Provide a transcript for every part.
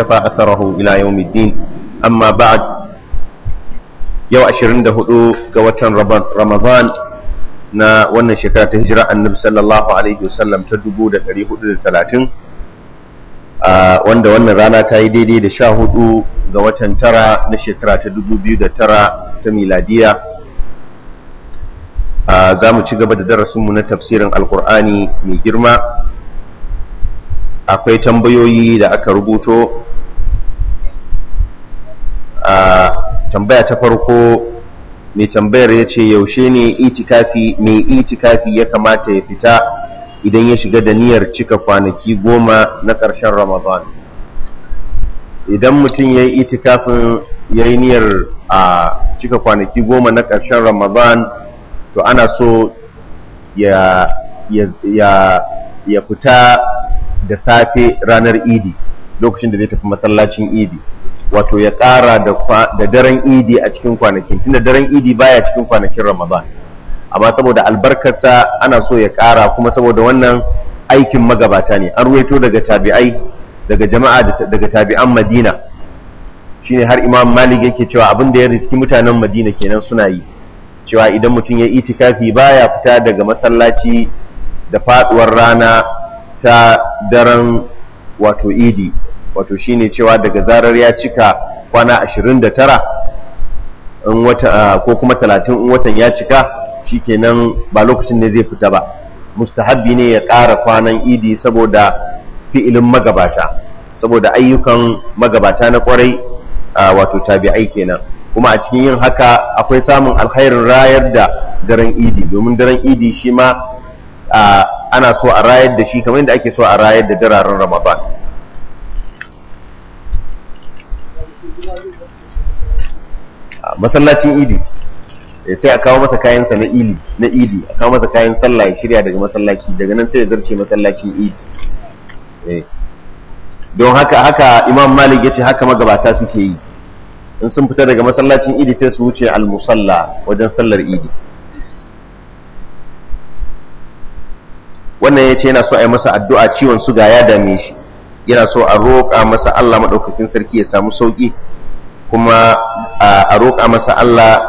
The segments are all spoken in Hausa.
واقتفى أثره إلى يوم الدين أما بعد يو أشرين ga watan رمضان na wannan shekara ta hijira annabi sallallahu alaihi wasallam ta 1430 a wanda wannan rana ta yi daidai da 14 ga watan tara na shekara ta 2009 ta miladiya za mu ci gaba da darasinmu na tafsirin alkur'ani mai girma akwai tambayoyi da aka rubuto a tambaya ta farko mai tambayar ya ce yaushe ne itikafi mai itikafi ya kamata ya fita idan ya shiga da niyyar cika kwanaki goma na ƙarshen ramadan idan mutum ya yi itikafin ya yi niyyar a cika kwanaki goma na ƙarshen ramadan to ana so ya fita da safe ranar idi lokacin da zai tafi masallacin idi wato ya ƙara da daren idi a cikin kwanakin tunda daren idi baya cikin kwanakin ramadan amma saboda albarkarsa ana so ya ƙara kuma saboda wannan aikin magabata ne an ruwaito daga tabi'ai daga jama'a daga tabi'an madina shine har imam malik yake cewa abin da ya riski mutanen madina kenan suna yi cewa idan mutum ya itikafi baya fita daga masallaci da faduwar rana ta daren wato idi wato shine cewa daga zarar ya cika kwana 29 ah, ko kuma 30 in watan ya cika shi shikenan ba lokacin ne zai fita ba mustahabbi ne ya ƙara kwanan idi saboda fi'ilin magabata saboda ayyukan magabata na kwarai ah, wato tabi'ai kenan kuma a cikin yin haka akwai samun alkhairin rayar da daren idi domin daren idi shi ma ana so a rayar da shi kamar yadda ake so a rayar da dararen ramadan masallacin idi eh, sai a kawo masa kayansa na ili na idi a kawo masa kayan sallah ya shirya daga masallaci daga nan sai ya zarce masallacin idi eh, don haka haka imam malik ya ce haka magabata suke yi in sun fita daga masallacin idi sai su wuce al-musalla wajen sallar idi wannan ya ce yana so a yi masa addu'a ciwon suga ya dame shi yana so a roƙa masa Allah maɗaukakin sarki ya samu sauƙi kuma a roƙa masa Allah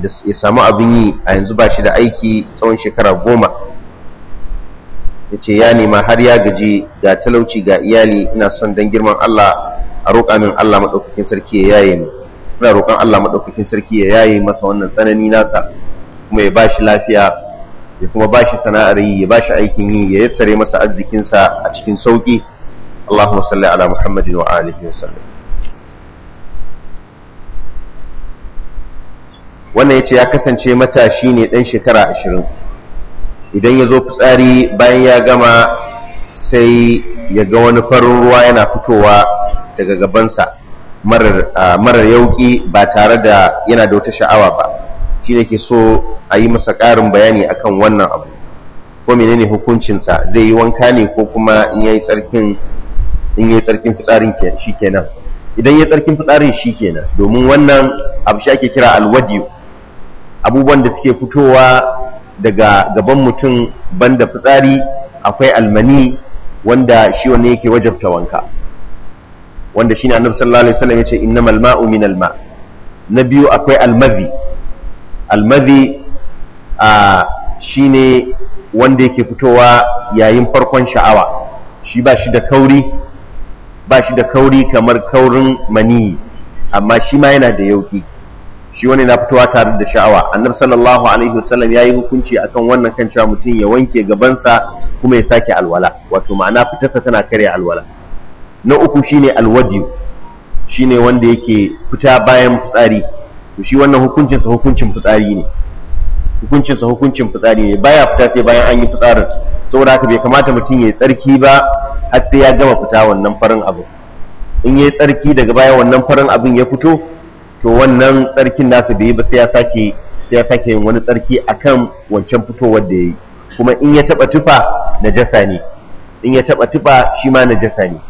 ya samu abin yi a yanzu ba shi da aiki tsawon shekara goma ya ce ya nema har ya gaji ga talauci ga iyali ina son don girman Allah a roƙa min Allah maɗaukakin sarki ya yaye ni ina roƙon Allah maɗaukakin sarki ya yaye masa wannan tsanani nasa kuma ya ba shi lafiya ya kuma ba bashi sana'ar yi ya shi aikin yi ya yassare masa arzikinsa a cikin sauƙi. Allahumma salli ala Muhammadin wa alihi wa sallam wannan yace ya kasance matashi ne dan shekara 20 idan ya zo fitsari bayan ya gama sai ya ga wani farin ruwa yana fitowa daga gabansa marar yauki ba tare da yana da wata sha'awa ba shi ne ke so a yi masa ƙarin bayani akan wannan abu ko menene hukuncinsa zai yi wanka ne ko kuma in yi tsarkin fitsarin shi kenan idan yi tsarkin fitsarin shi kenan domin wannan abu shi ake kira alwadi abubuwan da suke fitowa daga gaban mutum banda fitsari akwai almani wanda shi wanne yake wajabta wanka wanda shi shine annabi sallallahu alaihi wasallam yace innamal ma'u min alma na biyu akwai almazi almadhi a ne wanda yake fitowa yayin farkon sha'awa shi ba shi da kauri ba shi da kauri kamar kaurin maniyi amma shi ma yana da yauki shi wani na fitowa tare da sha'awa annabi sallallahu alaihi wasallam yayi hukunci akan wannan kan cewa mutum ya wanke gabansa kuma ya sake alwala wato ma'ana fitarsa tana karya alwala na uku shine alwadi shine wanda yake fita bayan fitsari to shi wannan hukuncin sa hukuncin fitsari ne hukuncin sa hukuncin fitsari ne baya fita sai bayan an yi fitsarin saboda haka bai kamata mutum yayi tsarki ba har sai ya gama fita wannan farin abu in yayi tsarki daga baya wannan farin abin ya fito to wannan tsarkin nasa bai yi ba sai ya sake sai ya sake yin wani tsarki akan wancan fitowar da yayi kuma in ya taba tufa najasa ne in ya taba tufa shi ma najasa ne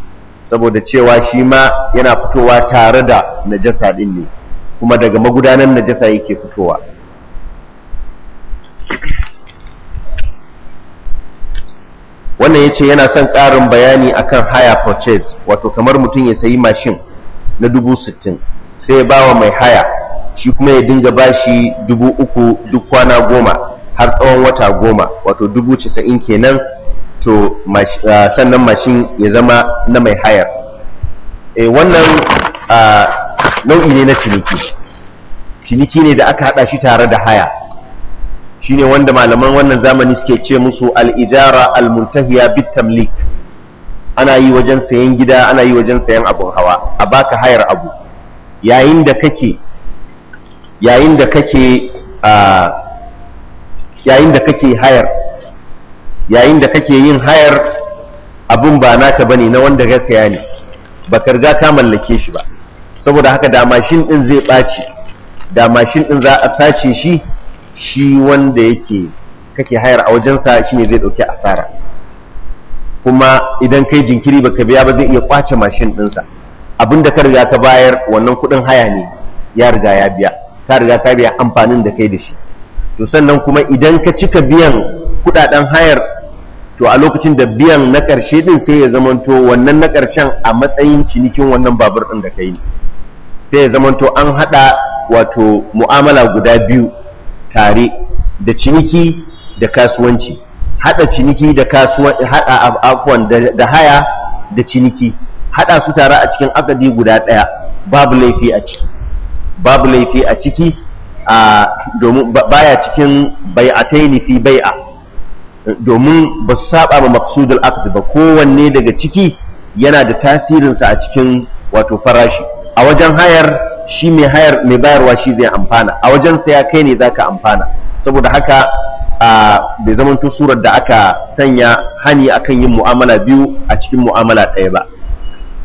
saboda cewa shi ma yana fitowa tare da najasa din ne kuma daga magudanar najasa yake fitowa wannan ya ce yana son ƙarin bayani akan haya purchase wato kamar mutum ya sayi mashin na dubu sai ya bawa mai haya shi kuma ya dinga bashi dubu uku duk kwana goma har tsawon wata goma wato dubu casa'in kenan to ah, sannan mashin ya zama na mai hayar eh, wannan ah, nau'i ne na ciniki ciniki ne da aka haɗa shi tare da haya Shi ne wanda malaman wannan zamani suke ce musu al-ijara al-muntahiya bit-tamlik ana yi wajen sayan gida ana yi wajen sayan abun hawa a baka hayar abu yayin da kake yayin da kake yayin da kake hayar yayin da kake yin hayar abun ba naka bane na wanda ya saya ne baka riga ka mallake shi ba saboda haka da mashin din zai ɓaci da mashin din za a sace shi shi wanda yake kake hayar a wajensa shi ne zai ɗauki asara kuma idan kai jinkiri baka biya ba zai iya kwace mashin ɗinsa da ka riga ka bayar wannan kuɗin haya ne ya riga ya biya ka riga ka biya amfanin da kai da shi to sannan kuma idan ka cika biyan kuɗaɗen hayar to a lokacin da biyan na ƙarshe ɗin sai ya zamanto wannan na ƙarshen a matsayin cinikin wannan babur ɗin da kai ne sai ya zamanto an haɗa wato mu'amala guda biyu tare da ciniki da kasuwanci haɗa ciniki da kasuwanci haɗa afuwan da haya da ciniki haɗa su tare a cikin akadi guda ɗaya babu laifi a ciki babu laifi a ciki a domin baya cikin ni fi bai'a domin ba su saba ma maksudul akadi ba kowanne daga ciki yana da tasirinsa a cikin wato farashi a wajen hayar shi mai hayar mai bayarwa shi zai amfana a wajen saya kai ne zaka amfana saboda haka a bai zamanto surar da aka sanya hani akan yin mu'amala biyu a cikin mu'amala ɗaya ba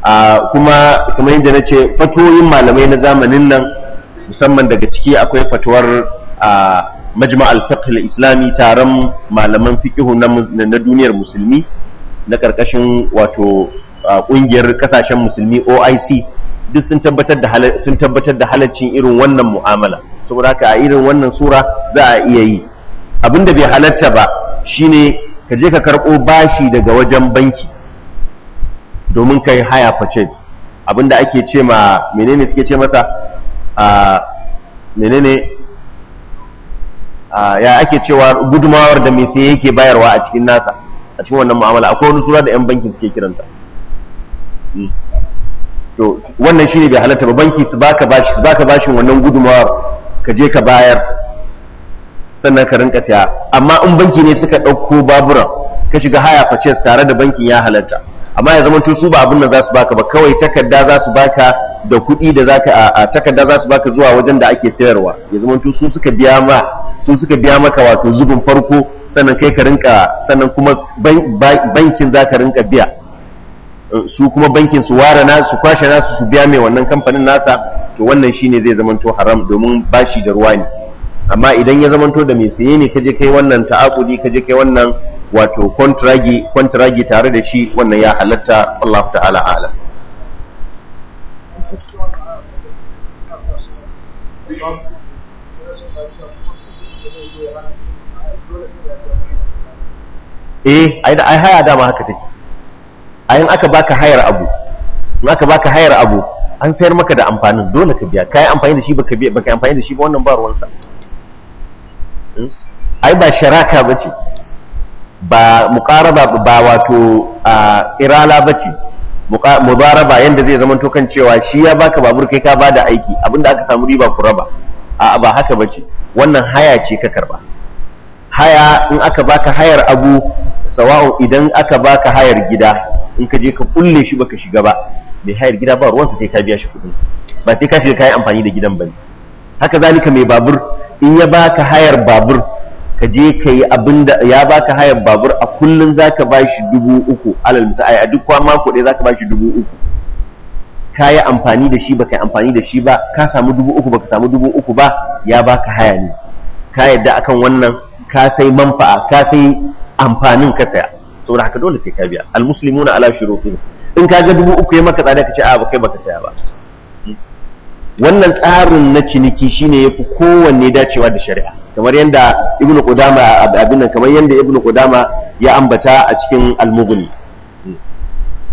a kuma kamar yadda na ce fatoyin malamai na zamanin nan musamman daga ciki akwai fatuwar a majma'al fiqh islami taron malaman fiqihu na duniyar musulmi na karkashin wato kungiyar kasashen musulmi OIC duk sun tabbatar da sun tabbatar da halaccin irin wannan mu'amala saboda haka a irin wannan sura za a iya yi abinda bai halatta ba shine ka je ka karɓo bashi daga wajen banki domin kai haya purchase abinda ake ce ma menene suke ce masa a menene ya ake cewa gudumawar da mai sai yake bayarwa a cikin nasa a cikin wannan mu'amala akwai wani sura da 'yan bankin suke kiranta hmm. to wannan shine bai halatta ba banki su baka bashi su baka bashin wannan gudunmawar ka je ka bayar sannan ka rinka siya amma in banki ne suka ɗauko babura ka shiga haya purchase tare da bankin ya halatta amma ya zamanto su ba abin da za su baka ba kawai takarda za su baka da kuɗi da ka a takarda za su baka zuwa wajen da ake sayarwa ya zamanto su suka biya ma su suka biya maka wato zubin farko sannan kai ka rinka sannan kuma bankin za ka rinka biya su kuma bankin su ware na su kwashe nasu su biya mai wannan kamfanin nasa to wannan shine zai zamanto haram domin bashi da ruwa ne amma idan ya zamanto da mai saye ne kaje kai wannan ta'akudi kaje kai wannan wato kontragi kontragi tare da shi wannan ya halatta Allah ta'ala a'lam eh ai da ai haya dama haka take a yin aka baka hayar abu in aka baka hayar abu an sayar maka da amfanin dole ka biya kai amfani da shi baka biya baka amfani da shi ba wannan ba ruwansa hmm? ai ba sharaka bace ba muqaraba ba wato irala bace muzaraba yanda zai zama to kan cewa shi ya baka babur kai ka bada aiki abinda aka samu riba ku raba a'a ba haka bace wannan haya ce ka karba haya in aka baka hayar abu sawa'un idan aka baka hayar gida in ka je ka kulle shi baka shiga ba mai hayar gida ba ruwansa sai ka biya shi kuɗin ba sai ka shiga kayan amfani da gidan bane haka zalika mai babur in ya baka hayar babur ka je ka yi abin da ya baka hayar babur a kullun zaka ba shi dubu uku alal misali a duk kwan mako ɗaya zaka ba shi dubu uku ka yi amfani da shi baka yi amfani da shi ba ka samu dubu uku baka samu dubu uku ba ya baka haya ne ka yadda akan wannan ka sai manfa'a ka sai amfanin ka saya saboda haka dole sai ka biya almuslimuna ala shurutin in ka ga dubu uku ya maka tsada ka ce a ba kai baka saya ba wannan tsarin na ciniki shine yafi kowanne dacewa da shari'a kamar yanda ibnu qudama abin nan kamar yanda ibnu qudama ya ambata a cikin almughni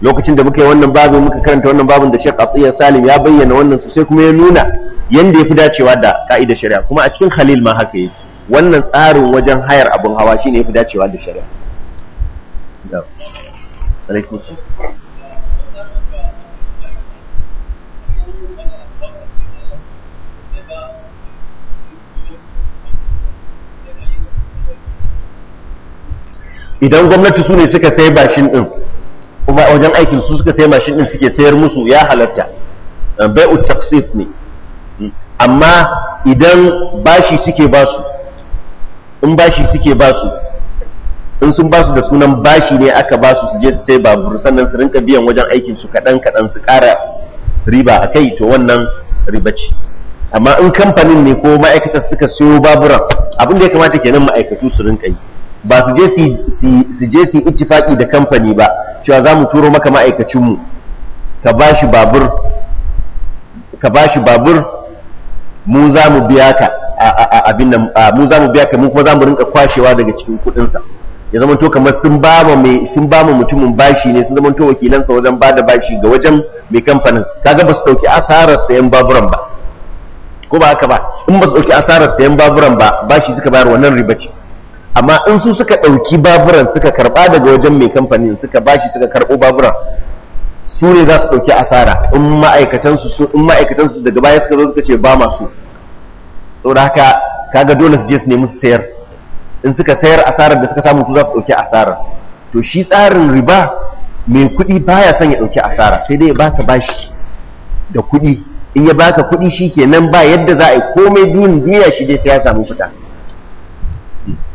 lokacin da muka yi wannan babu muka karanta wannan babun da Sheikh Atiyya Salim ya bayyana wannan sosai kuma ya nuna yanda yafi dacewa da ka'ida shari'a kuma a cikin Khalil ma haka yake wannan tsarin wajen hayar abun hawa shine yafi dacewa da shari'a idan gwamnati su ne suka sai mashin ɗin, kuma wajen aikin su suka sai mashin ɗin suke sayar musu ya halatta bai'u taqsit ne amma idan bashi suke basu in bashi suke basu in sun ba su da sunan bashi ne aka ba su su je su sai babur sannan su rinka biyan wajen aikin su kaɗan kaɗan su ƙara riba a kai to wannan riba ce amma in kamfanin ne ko ma'aikatar suka siyo baburan abin da ya kamata kenan ma'aikatu su rinka yi ba su je su je su ittifaki da kamfani ba cewa za mu turo maka ma'aikacinmu ka shi babur ka shi babur mu za mu biya ka abin nan mu za mu biya ka mu kuma za mu rinka kwashewa daga cikin kuɗinsa ya zama to kamar sun ba mu mai sun ba mu mutumin bashi ne sun zama to wakilansa wajen ba da bashi ga wajen mai kamfanin kaga ba su dauki asarar sayan baburan ba ko ba haka ba in ba su dauki asarar sayan baburan ba bashi suka bayar wannan riba ce amma in su suka dauki baburan suka karba daga wajen mai kamfanin suka bashi suka karbo baburan su ne za su dauki asara in ma'aikatansu su in su daga baya suka zo suka ce ba masu saboda haka kaga dole su je su nemi su sayar in suka sayar asarar da suka samu su za su ɗauki asarar to shi tsarin riba mai kuɗi baya son ya ɗauki asara sai dai ya baka bashi da kuɗi in ya baka kuɗi shi kenan ba yadda za a yi komai juyin duniya shi dai sai ya samu fita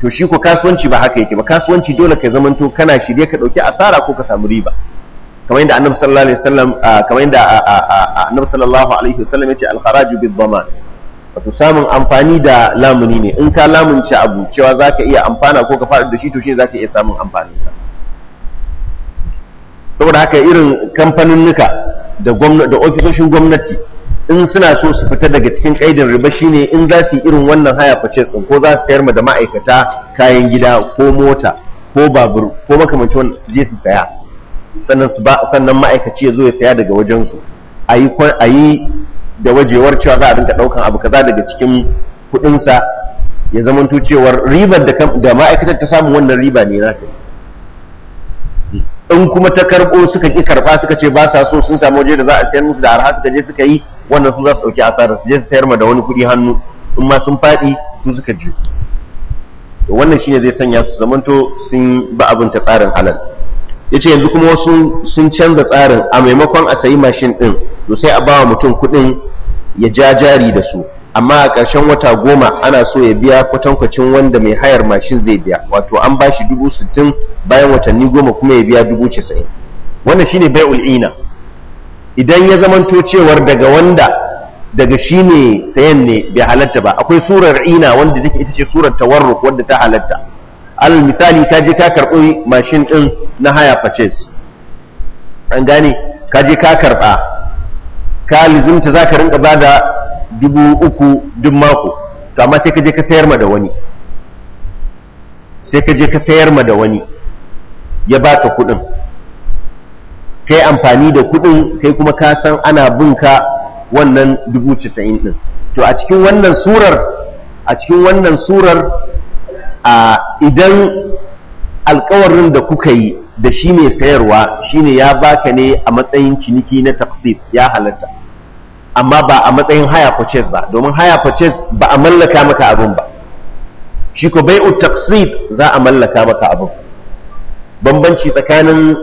to shi ko kasuwanci ba haka yake ba kasuwanci dole ka zamanto kana shirye ka ɗauki asara ko ka samu riba kamar yadda annabi sallallahu alaihi wasallam kamar yadda annabi sallallahu alaihi wasallam ce al-kharaju bid wato samun amfani da lamuni ne in ka lamunce abu cewa za ka iya amfana ko ka faɗi da shi to shi za ka iya samun amfaninsa saboda haka irin kamfaninnuka da ofisoshin gwamnati in suna so su fita daga cikin ƙaidin riba shine in za su yi irin wannan haya face tsin ko za su sayar ma da ma'aikata kayan gida ko mota ko babur ko makamancin wannan su je su saya sannan ma'aikaci ya zo ya saya daga wajensu a yi da wajewar cewa za a rinka ɗaukan abu kaza daga cikin kuɗinsa ya zamanto cewar ribar da ma'aikatar ta samu wannan riba ne nata in kuma ta karɓo suka ƙi karɓa suka ce ba sa so sun samu waje da za a sayar musu da arha suka je suka yi wannan sun za su ɗauki asarar su je su sayar ma da wani kuɗi hannu in ma sun faɗi su suka je wannan shine zai sanya su zamanto sun ba abin ta tsarin halal yace yanzu kuma wasu sun canza tsarin a maimakon a sayi mashin ɗin, to sai a bawa mutum kuɗin ya ja jari da su amma a ƙarshen wata goma ana so ya biya kwatankwacin wanda mai hayar mashin zai biya wato an ba shi dubu sittin bayan watanni goma kuma ya biya dubu casa'in wannan shine bai'ul ina idan ya zamanto cewar daga wanda daga shi ne sayan ne bai halatta ba akwai surar ina wanda take ita ce surar tawarruk wanda ta halatta alal misali ka je ka karɓi mashin ɗin na haya purchase an gane ka je ka karɓa ka lizimta za ka rinka ba da dubu uku duk mako to amma sai ka je ka sayar ma da wani sai ka je ka sayar ma da wani ya baka kuɗin ka yi amfani da kuɗin kai kuma ka san ana bin wannan dubu casa'in ɗin to a cikin wannan surar a cikin wannan surar a idan alkawarin da kuka yi da shi ne sayarwa shi ne ya baka ne a matsayin ciniki na taksit ya halatta amma ba a matsayin haya purchase ba domin haya purchase ba a mallaka maka abin ba shi ko bai'u za a mallaka maka abin bambanci tsakanin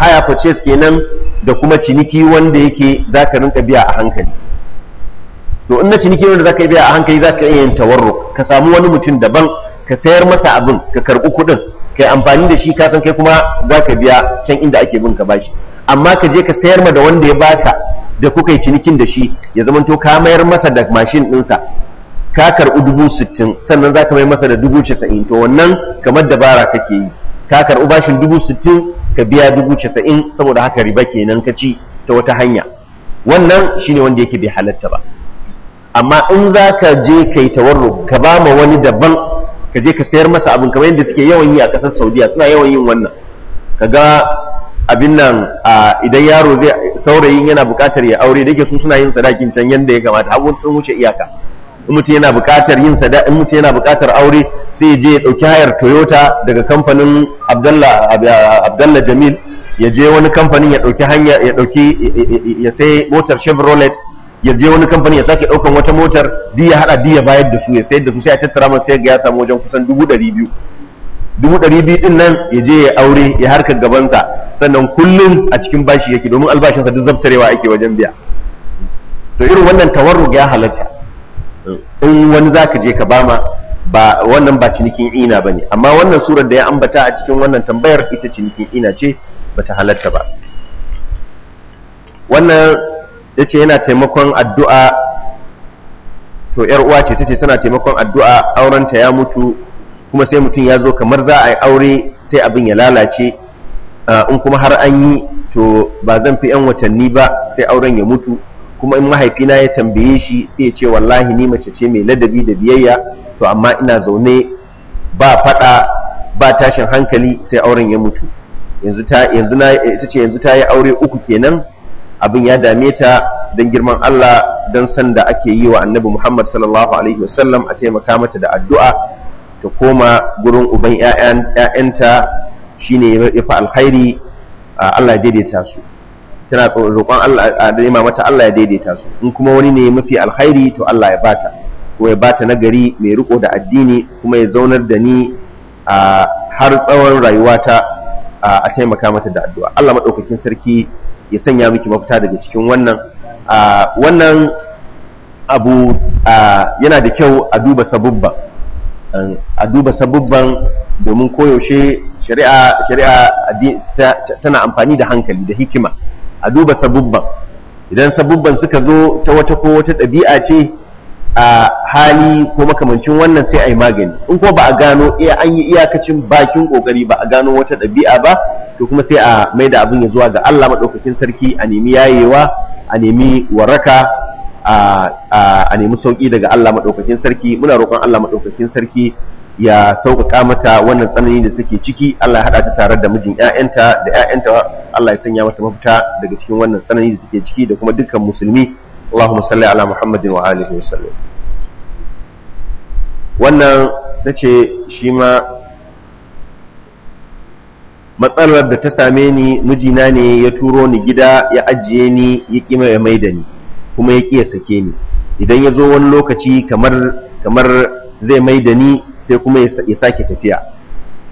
haya purchase kenan da kuma ciniki wanda yake za ka rinka biya a hankali to in na ciniki wanda za ka biya a hankali za ka iya yin tawarruk ka samu wani mutum daban ka sayar masa abin ka karɓi kuɗin ka yi amfani da shi kasan kai kuma za ka biya can inda ake bin ka bashi amma ka je ka sayar ma da wanda ya baka da kuka yi cinikin da shi ya zama to ka mayar masa da mashin ɗinsa ka karɓi dubu sittin sannan za ka mayar masa da dubu casa'in to wannan kamar dabara kake yi ka karɓi bashin dubu sittin ka biya dubu casa'in saboda haka riba kenan ka ci ta wata hanya wannan shine wanda yake bai halatta ba amma in za ka je ka yi tawarru ka ba ma wani daban ka je ka sayar masa abin kamar yadda suke yawan yi a ƙasar saudiya suna yawan yin wannan kaga abin nan idan yaro zai saurayin yana buƙatar ya aure da ke su suna yin sadakin can yadda ya kamata abu sun wuce iyaka in mutum yana buƙatar yin sada mutum yana buƙatar aure sai ya je ya ɗauki hayar toyota daga kamfanin abdallah jamil ya je wani kamfanin ya ɗauki hanya ya ɗauki ya sai motar chevrolet ya je wani kamfani ya sake ɗaukan wata motar di ya haɗa di ya bayar da su ya sayar da su sai a tattara masu sai ga ya samu wajen kusan dubu ɗari biyu dubu ɗari biyu ɗin nan ya je ya aure ya harka gabansa sannan kullum a cikin bashi yake domin albashinsa duk zabtarewa ake wajen biya to irin wannan tawarrug ya halatta in wani za ka je ka bama ba wannan ba cinikin ina ba ne amma wannan surar da ya ambata a cikin wannan tambayar ita cinikin ina ce ba ta halatta ba wannan ce yana taimakon addu'a to yar uwa ce ta ce tana taimakon addu'a aurenta ya mutu kuma sai mutum ya zo kamar za a yi aure sai abin ya lalace in kuma har an yi to ba zan fi 'yan watanni ba sai auren ya mutu kuma in mahaifina ya tambaye shi sai ya ce wallahi ni mace ce mai ladabi da biyayya to amma ina zaune ba fada ba tashin hankali sai auren ya mutu yanzu ta yanzu na ita ce yanzu ta yi aure uku kenan abin ya dame ta don girman Allah don san da ake yi wa annabi Muhammad sallallahu alaihi wasallam a taimaka mata da addu'a ta koma gurin uban ‘ya'yanta shi ne ya fi alkhairi Allah ya daidaita su tana roƙon Allah mata Allah ya daidaita su in kuma wani ne mafi alkhairi to Allah ya bata kuma ya bata nagari mai riko da addini kuma ya zaunar da ni har tsawon rayuwata a taimaka mata da addu'a Allah maɗaukakin sarki ya sanya miki mafita daga cikin wannan wannan abu yana da kyau a duba sabubban a duba sabubban domin koyaushe shari'a tana amfani da hankali da hikima a duba sabubban idan sabubban suka zo ta wata ko wata ɗabi'a ce a hali ko makamancin wannan sai a yi magani in ko ba a gano iya an yi iyakacin bakin ƙoƙari ba a gano wata ɗabi'a ba to kuma sai a mai da abin ya zuwa ga Allah maɗaukakin sarki a nemi yayewa a nemi waraka a nemi sauƙi daga Allah maɗaukakin sarki muna roƙon Allah maɗaukakin sarki ya sauƙaƙa mata wannan tsanani da take ciki Allah ya haɗa ta tare da mijin ‘ya'yanta da ‘ya'yanta Allah ya sanya mata mafita daga cikin wannan tsanani da take ciki da kuma dukkan musulmi Allahumma salli ala Muhammadin wa alihi wa sallam wannan nace shi ma matsalar da ta same ni mijina ne ya turo ni gida ya ajiye ni ya kima ya maida ni kuma ya ya sake ni idan ya zo wani lokaci kamar zai zai maida ni sai kuma ya sake tafiya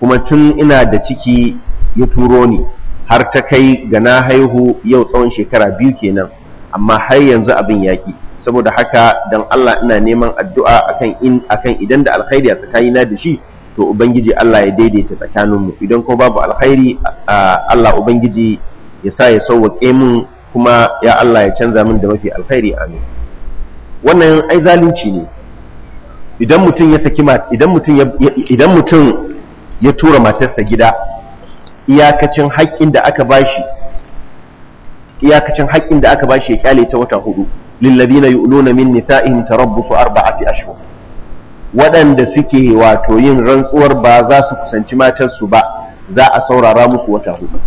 kuma tun ina da ciki ya turo ni har ta kai ga na haihu yau tsawon shekara biyu kenan amma har yanzu abin yaƙi saboda haka don Allah ina neman addu'a akan idan da alkhairi a tsakanina da shi to ubangiji Allah ya daidaita tsakaninmu idan ko babu alkhairi Allah ubangiji ya sa ya sauwaƙe mun kuma ya Allah ya canza min da mafi alkhairi amin wannan ai zalunci ne idan mutum ya saki idan mutum idan mutum ya tura matarsa gida iyakacin haƙƙin da aka bashi iyakacin haƙƙin da aka bashi ya kyale ta wata hudu lillazina yu'luna min nisa'ihim tarabbusu arba'ati ashhur waɗanda suke wato yin rantsuwar ba za su kusanci matarsu ba za a saurara musu wata hudu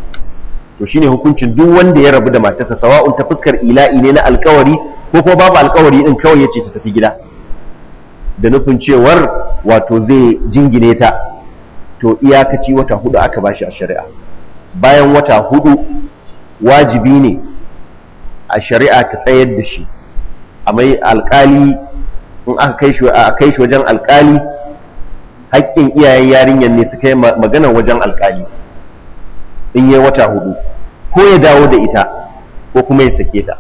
to shine hukuncin duk wanda ya rabu da matarsa sawa'un ta fuskar ila'i ne na alkawari ko kuma babu alkawari din kawai ya ce ta tafi gida da nufin cewar wato zai jingine ta to iyakaci wata hudu aka bashi a shari'a bayan wata hudu wajibi ne a shari'a ka tsayar da shi a mai alkali in aka kai shi a kai shi wajen alkali haƙƙin iyayen yarinyar ne suka yi magana wajen alkali in yi wata hudu ko ya dawo da ita ko kuma ya sake ta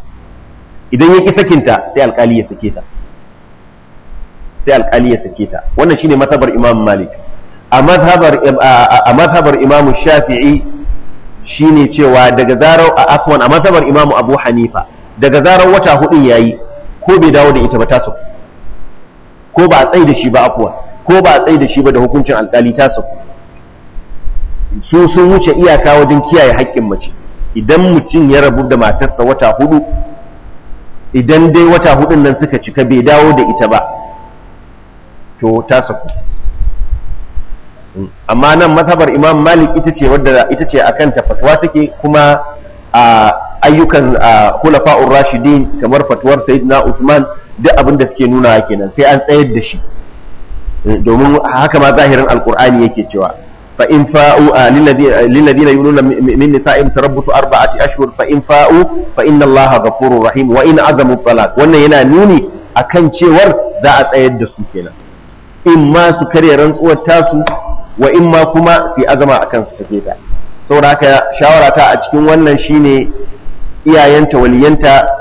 idan ya ƙi sakinta sai alkali ya sake ta sai alkali ya sake ta wannan shine mazhabar imam malik a mazhabar a mazhabar imam shafi'i shine cewa daga zarar a afwan a mazhabar imam abu hanifa daga zarar wata hudun yayi ko bai dawo da ita ba ta sako ko ba a da shi ba afuwa ko ba a da shi ba da hukuncin alkali ta su su sun wuce iyaka wajen kiyaye haƙƙin mace idan mutum ya rabu da matarsa wata hudu idan dai wata hudun nan suka cika bai dawo da ita ba to ta saku amma nan mazhabar imam malik ita ce wadda ita ce akan ta fatwa take kuma a ayyukan khulafa'ur rashidin kamar fatuwar sayyidina usman duk abin da suke nuna kenan sai an tsayar da shi domin haka ma zahirin alkur'ani yake cewa fa in fa'u lilladina yununa min nisa'in tarabbusu arba'ati ashhur fa in fa'u fa inna allaha ghafurur rahim wa in azamu talaq wannan yana nuni akan cewar za a tsayar da su kenan in ma su karya rantsuwar tasu wa in ma kuma su azama akan su sake ta saboda haka shawara ta a cikin wannan shine iyayenta waliyanta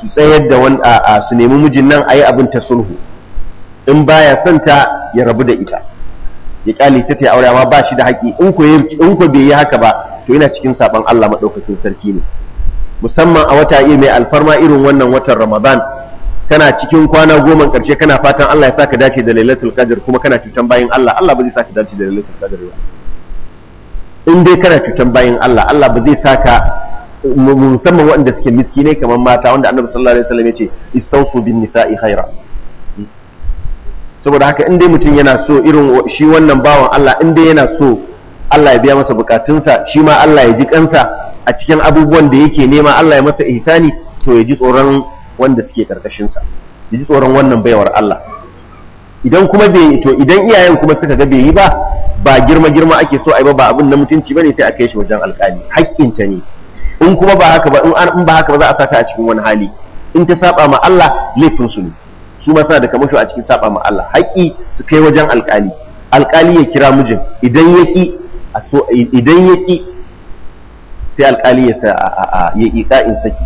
su tsayar da wani a su nemi mijin nan a yi abin ta sulhu in baya son ta ya rabu da ita ya kyale ta ta aure amma ba shi da haƙi in ko bai yi haka ba to yana cikin saban Allah maɗaukakin sarki ne musamman a wata mai alfarma irin wannan watan Ramadan kana cikin kwana goma ƙarshe kana fatan Allah ya saka dace da Lailatul Qadr kuma kana cutan bayin Allah Allah ba zai saka dace da Lailatul Qadr ba in dai kana cutan bayin Allah Allah ba zai saka musamman waɗanda suke miski ne kamar mata wanda annabi sallallahu alaihi wasallam yace istausu bin nisa'i khaira saboda haka in dai mutum yana so irin shi wannan bawan Allah in dai yana so Allah ya biya masa bukatunsa shi ma Allah ya ji kansa a cikin abubuwan da yake nema Allah ya masa ihsani to ya ji tsoron wanda suke karkashin sa ya ji tsoron wannan baiwar Allah idan kuma bai to idan iyayen kuma suka ga bai yi ba ba girma girma ake so ai ba ba abin na mutunci bane sai a kai shi wajen alƙali haƙƙinta ne in kuma ba haka ba in ba haka ba za a sata a cikin wani hali in ta saba ma Allah laifin su ne su ma suna da kamasho a cikin saba ma Allah haƙi su kai wajen alƙali alƙali ya kira mijin idan ya ki idan ya ki sai alƙali ya sa ya iƙa'in saki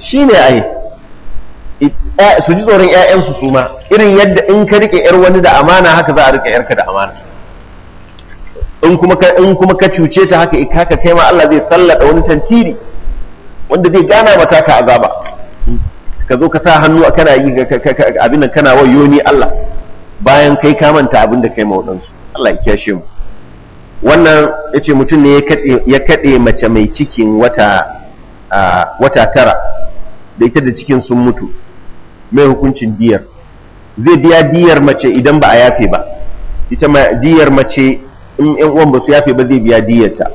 shine ai su ji tsoron 'ya'yansu su ma irin yadda in ka rike 'yar wani da amana haka za a rike 'yarka da amana in kuma ka cuce ta haka haka kai ma Allah zai sallada wani tantiri wanda zai gana mata ka azaba ka zo ka sa hannu kana yi abin nan kana wayo ni Allah bayan kai ka manta abin da kai ma Allah ya kyashe mu wannan yace mutum ne ya kaɗe mace mai cikin wata wata tara da ita da cikin sun mutu mai hukuncin diyar zai biya diyar mace idan ba a yafe ba ita ma diyar mace in yan uwan ba su yafe ba zai biya ta.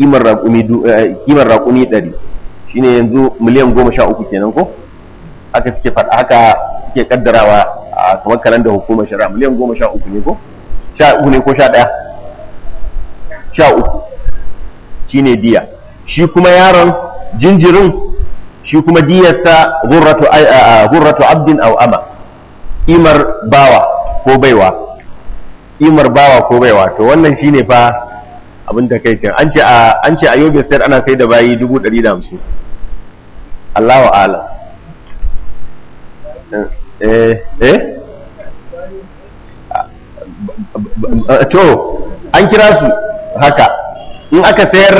kimar raƙumi eh, kimar raƙumi 100 shine yanzu miliyan 13 kenan ko haka suke fada haka suke kaddarawa a kamar da hukumar shari'a miliyan 13 ne ko uku ne ko sha sha uku shine diya shi kuma yaron jinjirin shi kuma diyarsa gurratu abdin au ama imar bawa ko baiwa imar bawa ko baiwa to wannan shi ne fa abin da kai can an ce a Yobin Yobe State ana sai da bayi 150 Allahu ala eh eh to an kira su haka in aka sayar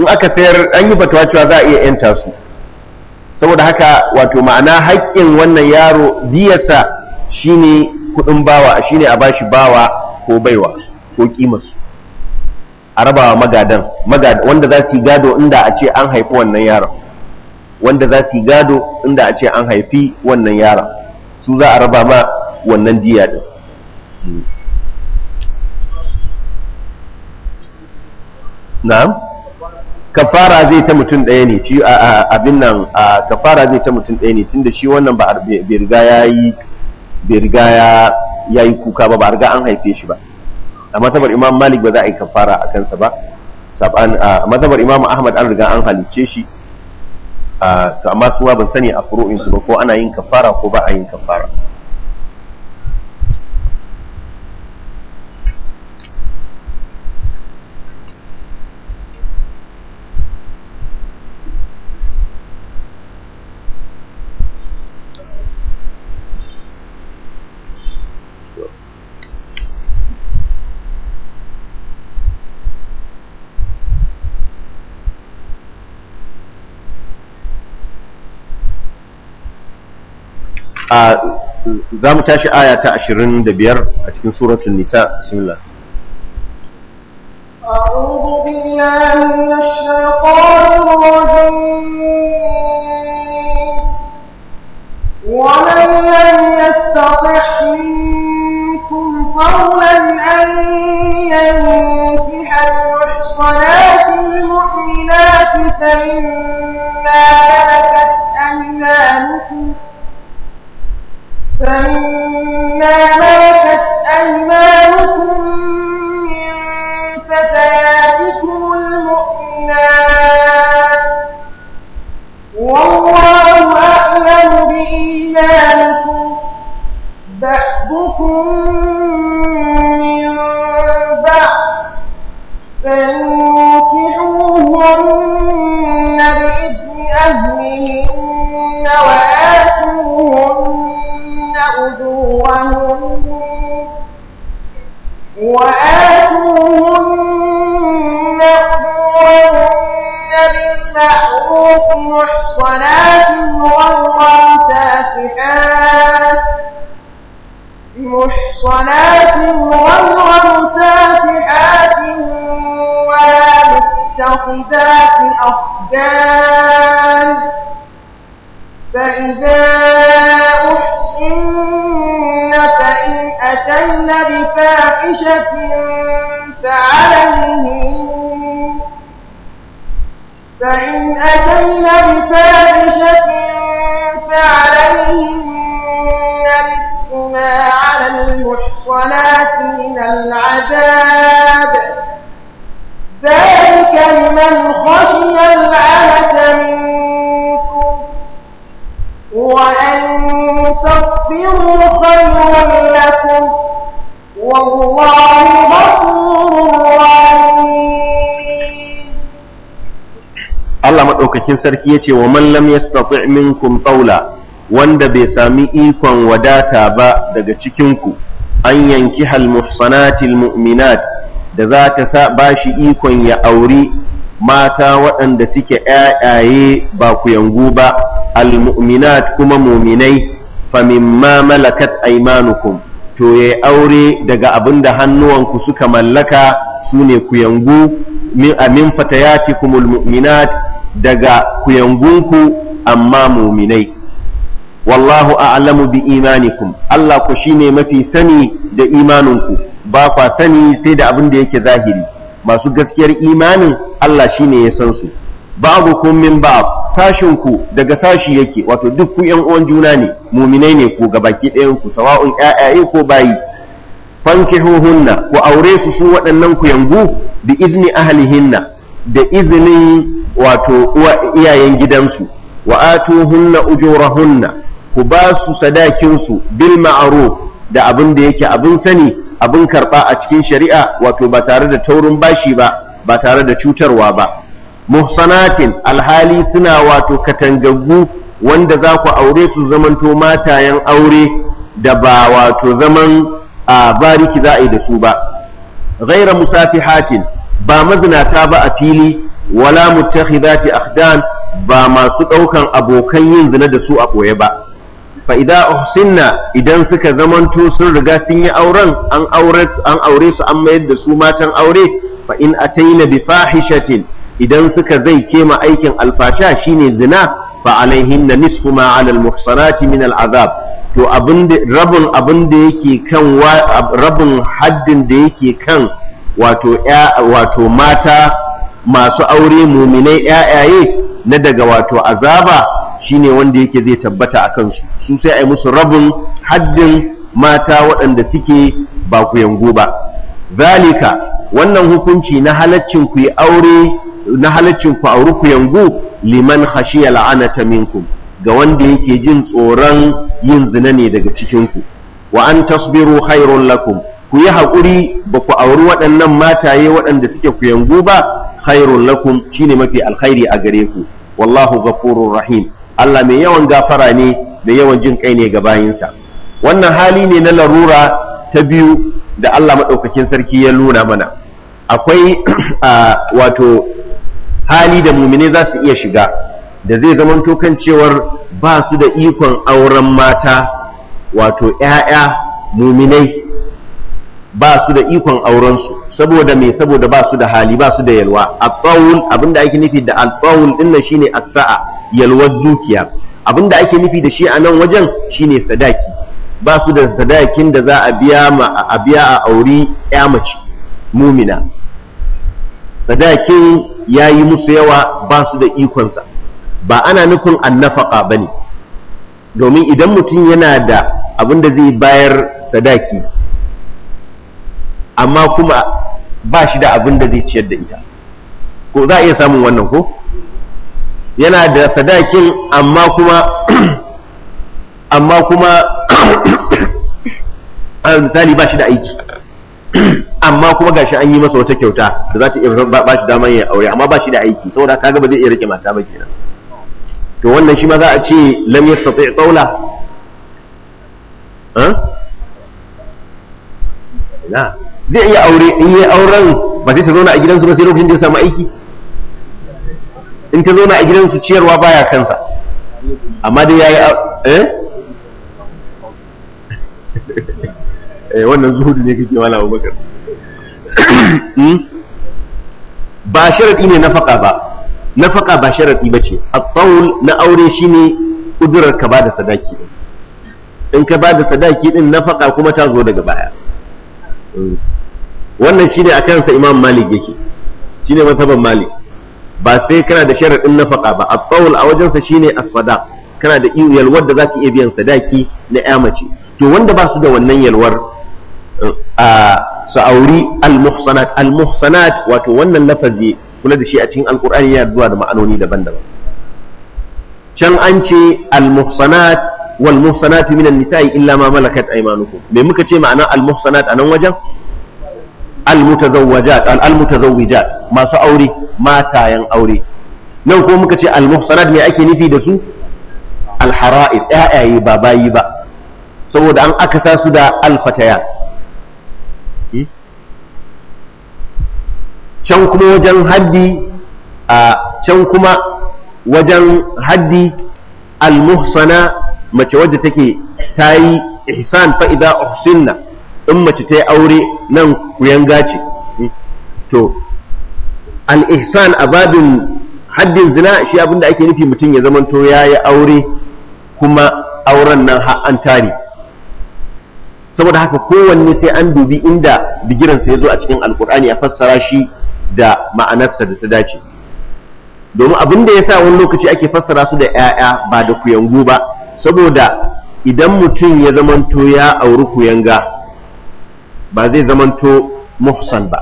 in aka sayar an yi fatawa cewa za a iya yanta su saboda haka wato ma'ana haƙƙin wannan yaro diyarsa shine kuɗin bawa shine a bashi bawa ko baiwa ko ƙimarsu. a rabawa magadan wanda za su yi gado inda a ce an haifi wannan yaron wanda za su yi gado inda a ce an haifi wannan yaron su za a raba ma wannan diya ɗin. Hmm. na'am kafara zai ta mutum ɗaya ne ci abin nan kafara zai ta mutum ɗaya ne tunda shi wannan ba bai riga ya yi bai ya yi kuka ba ba riga an haife shi ba a matabar imam malik ba za a yi kafara a kansa ba a matabar imam ahmad an riga an halicce shi to amma suwa ba sani a su ba ko ana yin kafara ko ba a yin kafara za آه، mu آية aya ta 25 سورة النساء بسم الله أعوذ بالله من الشيطان الرجيم ومن لم يستطع منكم قولا أن ينكح المحصنات المؤمنات فمن madaukakin sarki ya ce wa man lam yastati' minkum qawla wanda bai sami ikon wadata ba daga cikinku. an yanki hal muhsanatil mu'minat da za ta sa shi ikon ya auri mata waɗanda suke ƴaƴaye ba ku yangu ba al kuma mu'minai famimma malakat aymanukum to ya aure daga abin da hannuwanku suka mallaka su ne ku yangu min amin fatayatikumul mu'minat daga kuyangunku amma muminai wallahu a'lamu bi imanikum Allah ku shine mafi sani da imaninku ba kwa sani sai da abin da yake zahiri masu gaskiyar imanin Allah shine ya san su ba'dukum min ba'd sashinku daga sashi yake wato duk ku yan uwan juna ne muminai ne ku gabaki ɗayan ku sawa'un ƴaƴaye ko bayi fankihuhunna ku aure su su waɗannan ku yangu bi izni ahlihinna da izinin wato iyayen gidansu wa atuhunna ujurahunna ku ba su sadakinsu bil ma'ruf da abin da yake abin sani abin karba a cikin shari'a wato ba tare da taurin bashi ba ba tare da cutarwa ba muhsanatin alhali suna wato katangaggu wanda za ku aure su zamanto matayen aure da ba wato zaman a bariki za a yi da su ba ghaira musafihatin ba mazinata ba a fili wala muttakhidati akhdan ba masu ɗaukan abokan yin zina da su a ɓoye ba fa idza uhsinna idan suka zamanto sun riga sun yi auren an aure an aure su an mayar da su matan aure fa in ataina bi fahishatin idan suka zai kema aikin alfasha shine zina fa alaihinna nisfu ma ala almuhsanati min al'azab to abin rabin abin da yake kan rabin haddin da yake kan wato wato mata masu aure muminai yayaye na daga wato azaba shine wanda yake zai tabbata a kansu su sai ai musu rabin haddin mata waɗanda suke ba ku yango ba zalika wannan hukunci na halaccin ku yi aure na halaccin ku auri ku yango liman khashiya la'anata minkum ga wanda yake jin tsoron yin zina ne daga cikinku wa an tasbiru khairun lakum ku yi haƙuri ba ku auri waɗannan mataye waɗanda suke ku yangu ba khairun lakum shine mafi alkhairi a gare ku wallahu ghafurur rahim Allah mai yawan gafara ne mai yawan jin kai ne ga bayinsa wannan hali ne na larura ta biyu da Allah maɗaukakin sarki ya nuna mana akwai wato hali da mumine za su iya shiga da zai zamanto tokan cewar ba su da ikon auren mata wato 'ya'ya muminai ba su da ikon aurensu saboda me saboda ba su da hali ba su da yalwa al-tawul abinda ake nufi da al-tawul din shine as-sa'a yalwar dukiya abinda ake nufi da shi a nan wajen shine sadaki ba su da sadakin da za a biya ma a biya a aure ya mace mumina sadakin yayi musu yawa ba su da ikonsa ba ana nufin annafaka bane domin idan mutum yana da abinda zai bayar sadaki amma kuma ba shi da abin da zai ciyar da ita ko za a iya samun wannan ko yana da sadakin amma kuma amma kuma misali ba shi da aiki amma kuma gashi an yi masa wata kyauta da za ta iya ba shi daman yin aure amma ba shi da aiki saboda kaga ba zai iya rike mata ba kenan to wannan shi ma za a ce lam yastati qawla ha zai iya aure in yi auren ba sai ta zauna a gidansu ba sai lokacin da ya samu aiki in ta zauna a gidansu ciyarwa baya kansa amma dai ya yi eh? eh wannan zuhudu ne kake wala abubakar hmm? ba sharaɗi ne nafaka ba nafaka ba sharaɗi ba ce a na aure shine ƙudurar ka ba da sadaki in ka ba da sadaki din nafaka kuma ta zo daga baya hmm. wannan shine a kansa imam malik yake shine mazhaban malik ba sai kana da sharaɗin nafaka ba a tsawul a wajensa shine as-sadaq kana da yalwar da zaki iya biyan sadaki na ya mace to wanda ba su da wannan yalwar a auri al-muhsanat al-muhsanat wato wannan lafazi kula da shi a cikin alkur'ani yana zuwa da ma'anoni daban-daban can an ce al-muhsanat wal muhsanat min an-nisa'i illa ma malakat aymanukum me muka ce ma'ana al-muhsanat nan wajen al-mutazawwijat masu aure matayen aure nan ko muka ce al-muhsanat me ake nufi da su al-hara'id ƴaƴaye ba bayi ba saboda an aka sa su da alfataya. fatayat hmm? can kuma wajen haddi a can kuma wajen haddi al-muhsana mace wadda take tayi ihsan fa uhsinna in mace ta yi aure nan kuyanga ce to al-ihsan a babin haddin zina shi abinda ake nufi mutum ya zamanto ya yi aure kuma auren nan har an tare saboda haka kowanne sai an dubi inda bigiransa ya zo a cikin alkur'ani a fassara shi da ma'anarsa da ta dace domin abinda da ya sa wani lokaci ake fassara su da 'ya'ya ba da kuyangu ba saboda idan mutum ya zamanto ya auri kuyanga ba zai zamanto muhsan ba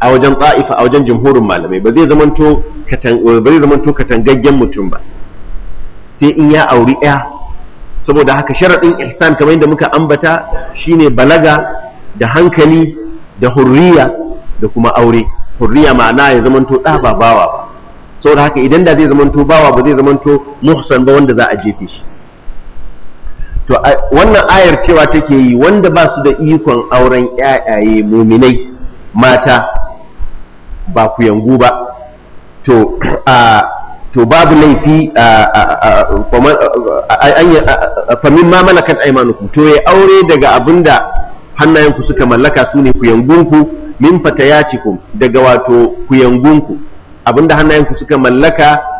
a wajen ta'ifa a wajen jumhurin malamai ba zai zamanto ba katangaggen mutum ba sai in ya auri ɗaya saboda haka sharaɗin ihsan kamar yadda muka ambata shine balaga da hankali da hurriya da kuma aure hurriya ma'ana ya zamanto ɗa ba bawa ba saboda haka idan da zai zamanto bawa ba zai zamanto muhsan ba wanda za a jefe shi to wannan ayar cewa take yi wanda ba su da ikon auren ƴaƴaye muminai mata ba ku yangu ba to a to babu laifi a famin ma malakat aimanukum to ya aure daga abinda hannayenku suka mallaka su ne ku yangunku min fatayatikum daga wato ku yangunku abinda hannayenku suka mallaka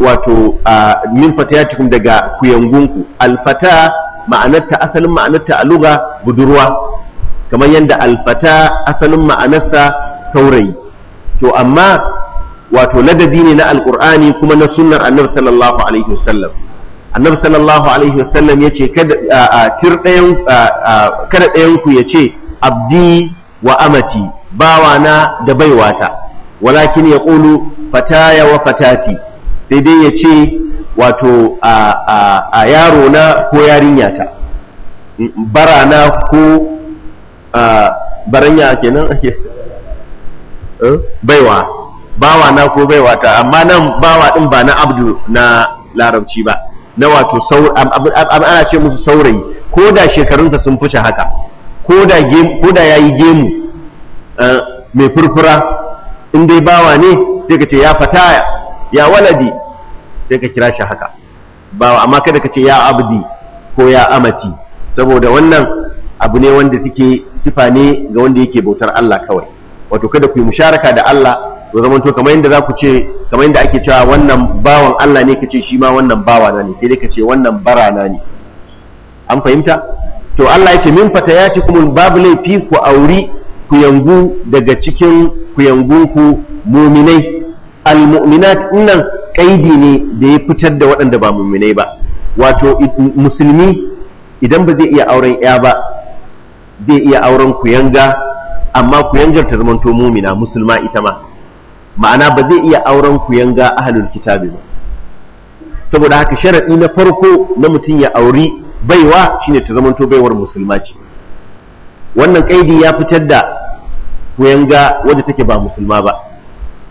wato min fatayatikum daga kuyangunku alfata ma'anarta asalin ma'anarta a budurwa kamar yadda alfata asalin ma'anarsa saurayi to amma wato ladabi ne na alkur'ani kuma na sunnar annabi sallallahu alaihi wasallam annabi sallallahu alaihi wasallam ya ce kada ɗayanku ya ce abdi wa amati bawana da baiwata walakin ya ƙulu fataya wa fatati sai dai ya ce wato a yaro na ko yarinya ta bara na ko baranya kenan ake eh, baiwa bawa na ko baiwa ta amma nan bawa din ba na abdu na larabci ba na wato ana ce musu saurayi ko da shekarunsa sun fice haka ko da ya yi gemu eh, mai furfura in dai bawa ne sai ka ce ya fata. ya waladi sai ka kira shi haka ba amma kada ka ce ya abdi ko ya amati saboda wannan abu ne wanda suke sifa ne ga wanda yake bautar Allah kawai wato kada ku yi musharaka da Allah to zaman to kamar yadda za ku ce kamar yadda ake cewa wannan bawan Allah ne kace shi ma wannan bawa na ne sai dai kace wannan barana ne an fahimta to Allah ya ce min fatayatikumul babu laifi ku auri ku yangu daga cikin ku yangunku muminai al-mu'minat nan kaidi ne da ya fitar da waɗanda ba mu'minai ba wato musulmi idan ba zai iya auren ya ba zai iya auren kuyanga amma kuyangar ta zamanto mumina musulma ita ma ma'ana ba zai iya auren kuyanga ahlul kitabi ba saboda haka sharaɗi na farko na mutum ya auri baiwa shine ta zamanto baiwar musulma ce wannan kaidi ya fitar da kuyanga wadda take ba musulma ba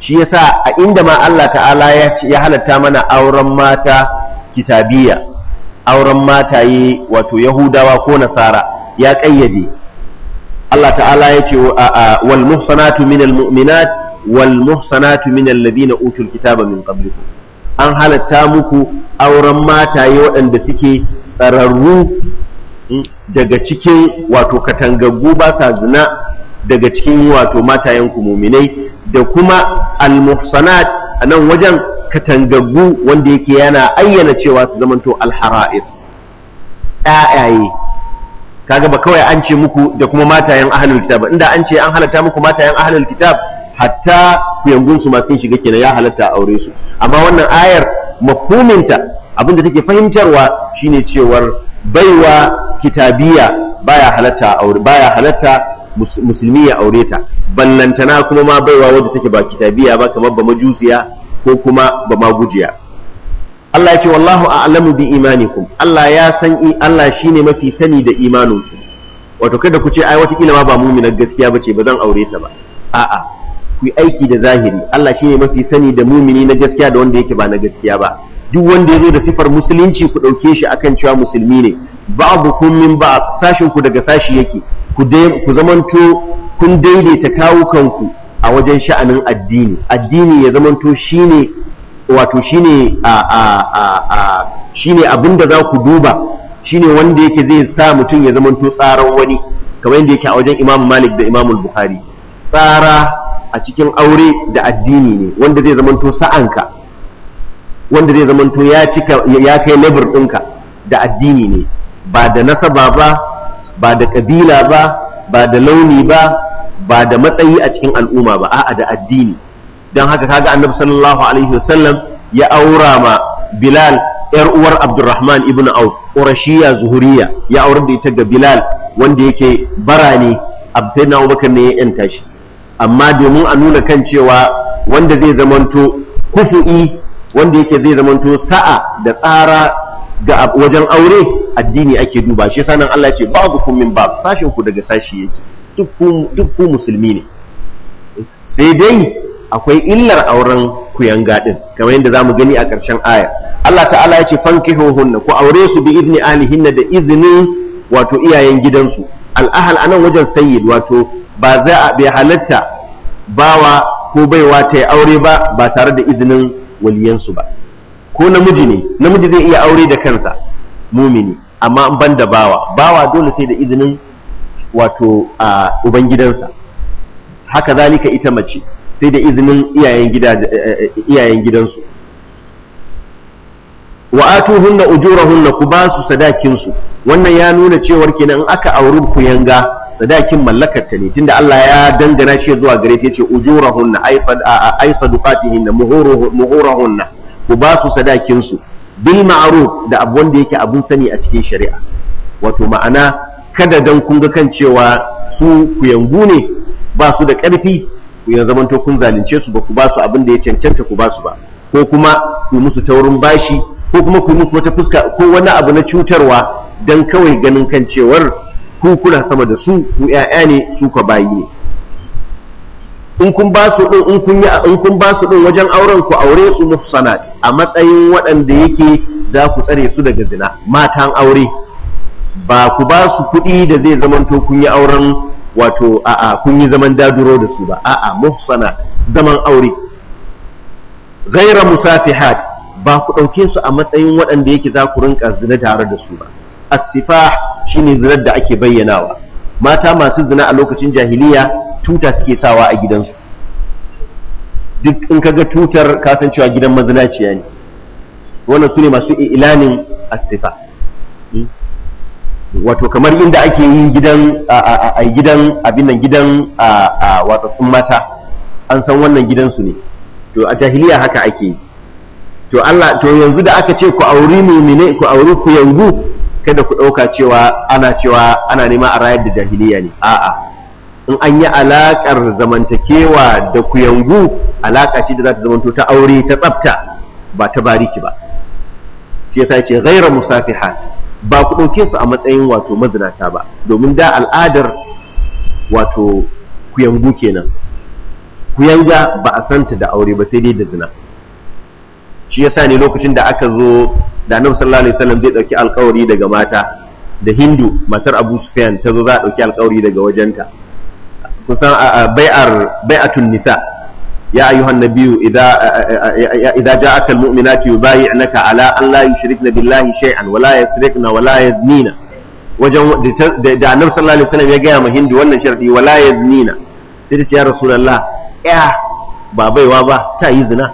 shi yasa a inda ma Allah ta'ala ya halatta mana auren mata kitabiya auren mataye wato yahudawa ko nasara ya kayyade Allah ta'ala ya ce wal muhsanatu minal mu'minat wal muhsanatu minal ladina utul kitaba min qablikum an halatta muku auren mataye waɗanda suke tsararru hmm, daga cikin wato katangaggu ba sa zina daga cikin wato matayen muminai da kuma al-muhsanat a nan wajen katangaggu wanda yake yana ayyana cewa su zamanto al-hara'ir ayaye kaga ba kawai an ce muku da kuma matayen ahlul kitab inda an ce an halatta muku matayen ahlul kitab hatta ku yangun su ma sun shiga kenan ya halatta aure su amma wannan ayar mafhuminta abinda take fahimtarwa shine cewar baiwa kitabiya baya halatta aure baya halatta musulmi ya aure ta ballantana kuma ma baiwa wadda take ba kitabiya ba kamar ba majusiya ko kuma ba magujiya Allah ya ce wallahu a'lamu bi imanikum Allah ya san Allah shine mafi sani da imaninku wato kada ku ce ai wata kila ma ba mu'minar gaskiya bace ba zan aure ta ba a'a ku yi aiki da zahiri Allah shine mafi sani da mumini na gaskiya da wanda yake ba na gaskiya ba duk wanda ya zo da sifar musulunci ku ɗauke shi akan cewa musulmi ne ba'abu kun min ba sashin ku daga sashi yake ku zamanto kun daidaita kawukanku a wajen sha'anin addini addini ya zamanto shine wato shine a a a, a shine abinda za ku duba shine wanda yake zai sa mutum ya zamanto tsaran wani kamar yadda yake a wajen Imam Malik da Imam Bukhari tsara a cikin aure da addini ne wanda zai zamanto sa'anka wanda zai zamanto ya cika ya kai level ɗinka da addini ne ba da nasaba ba ba da ƙabila ba ba da launi ba ba da matsayi a cikin al'umma ba a'a da addini don haka kaga annabi sallallahu alaihi wasallam ya aura ma bilal yar uwar abdurrahman ibn auf qurashiya zuhuriya ya aure da ita ga bilal wanda yake bara ne abubakar ne ya yanta shi amma domin a nuna kan cewa wanda zai zamanto kufu'i wanda yake zai zamanto sa'a da tsara ga wajen aure addini ake duba shi sanan Allah ce ba ku kun min ba, sashin ku daga sashi yake duk ku musulmi ne sai dai akwai illar auren kuyanga din kamar yadda zamu gani a ƙarshen aya Allah ta'ala ya ce fankihuhunna ku aure su bi izni alihinna da izinin wato iyayen gidansu al'ahal anan wajen sayyid wato ba za a bai halatta bawa ko baiwa ta yi aure ba ba tare da izinin waliyansu ba ko namiji ne namiji zai iya aure da kansa mumini amma an ban da bawa bawa dole sai da izinin wato a ubangidansa haka zalika ita mace sai da izinin iyayen eh, eh, gidansu wa atuhunna ujurahunna ku ba su sadakinsu wannan ya nuna cewar kenan in aka auri ku yanga sadakin mallakar ta ne tunda Allah ya dangana shi zuwa gare ta yace ujurahunna ay sadaqatihinna muhuruhunna ku ba su sadakinsu su bil ma'ruf da abu wanda yake abun sani a cikin shari'a wato ma'ana kada dan kun ga kan cewa su ku yangu ne ba su da ƙarfi ku yanzu to kun zalunce su ba ku ba su abin da ya cancanta ku ba su ba ko kuma ku musu taurin bashi ko kuma ku musu wata fuska ko wani abu na cutarwa dan kawai ganin kan cewar ku kuna sama da su ku ƴaƴa ne su ka bayi ne in kun ba su din in kun yi in kun ba su din wajen auren ku aure su muhsanat a matsayin waɗanda yake za ku tsare su daga zina matan aure ba ku ba su kuɗi da zai zamanto kun yi auren wato a'a kun yi zaman daduro da su ba a'a muhsanat zaman aure ghaira musafihat ba ku ɗauke su a matsayin waɗanda yake za ku rinka zina tare da su ba asifa sifah shine zinar da ake bayyanawa mata masu zina a lokacin jahiliya tuta suke sawa a gidansu duk in kaga tutar kasancewa gidan mazinaciya ne wannan su ne masu ilanin asifa hmm? wato kamar inda ake yin gidan a gidan abin nan gidan a watsatsun mata an san wannan gidansu ne to a jahiliya haka ake yi to Allah to yanzu da aka ce ku auri mumine ku auri ku yangu? kada ku ɗauka cewa ana cewa ana nema a rayar da jahiliya ne a'a in an yi alaƙar zamantakewa da kuyangu alaƙa ce da za ta zamanto ta aure ta tsafta ba ta bariki ba shi yasa ce ghaira musafihat ba ku ɗauke su a matsayin wato mazinata ba domin da al'adar wato kuyangu kenan kuyanga ba a santa da aure ba sai dai da zina shi yasa ne lokacin da aka zo da annabi sallallahu alaihi wasallam zai dauki alƙawari daga mata da hindu matar abu sufyan ta zo za a dauki alkawari daga wajenta kun san bai'ar bai'atun nisa ya ayyuhan nabiyyu idza idza ja'aka almu'minatu yubayi'naka ala an la yushrikna billahi shay'an wa la yasrikna wa yaznina wajen da annabi sallallahu alaihi wasallam ya gaya ma hindu wannan sharadi wa la yaznina sai ta ce ya rasulullah ya ba baiwa ba ta yi zina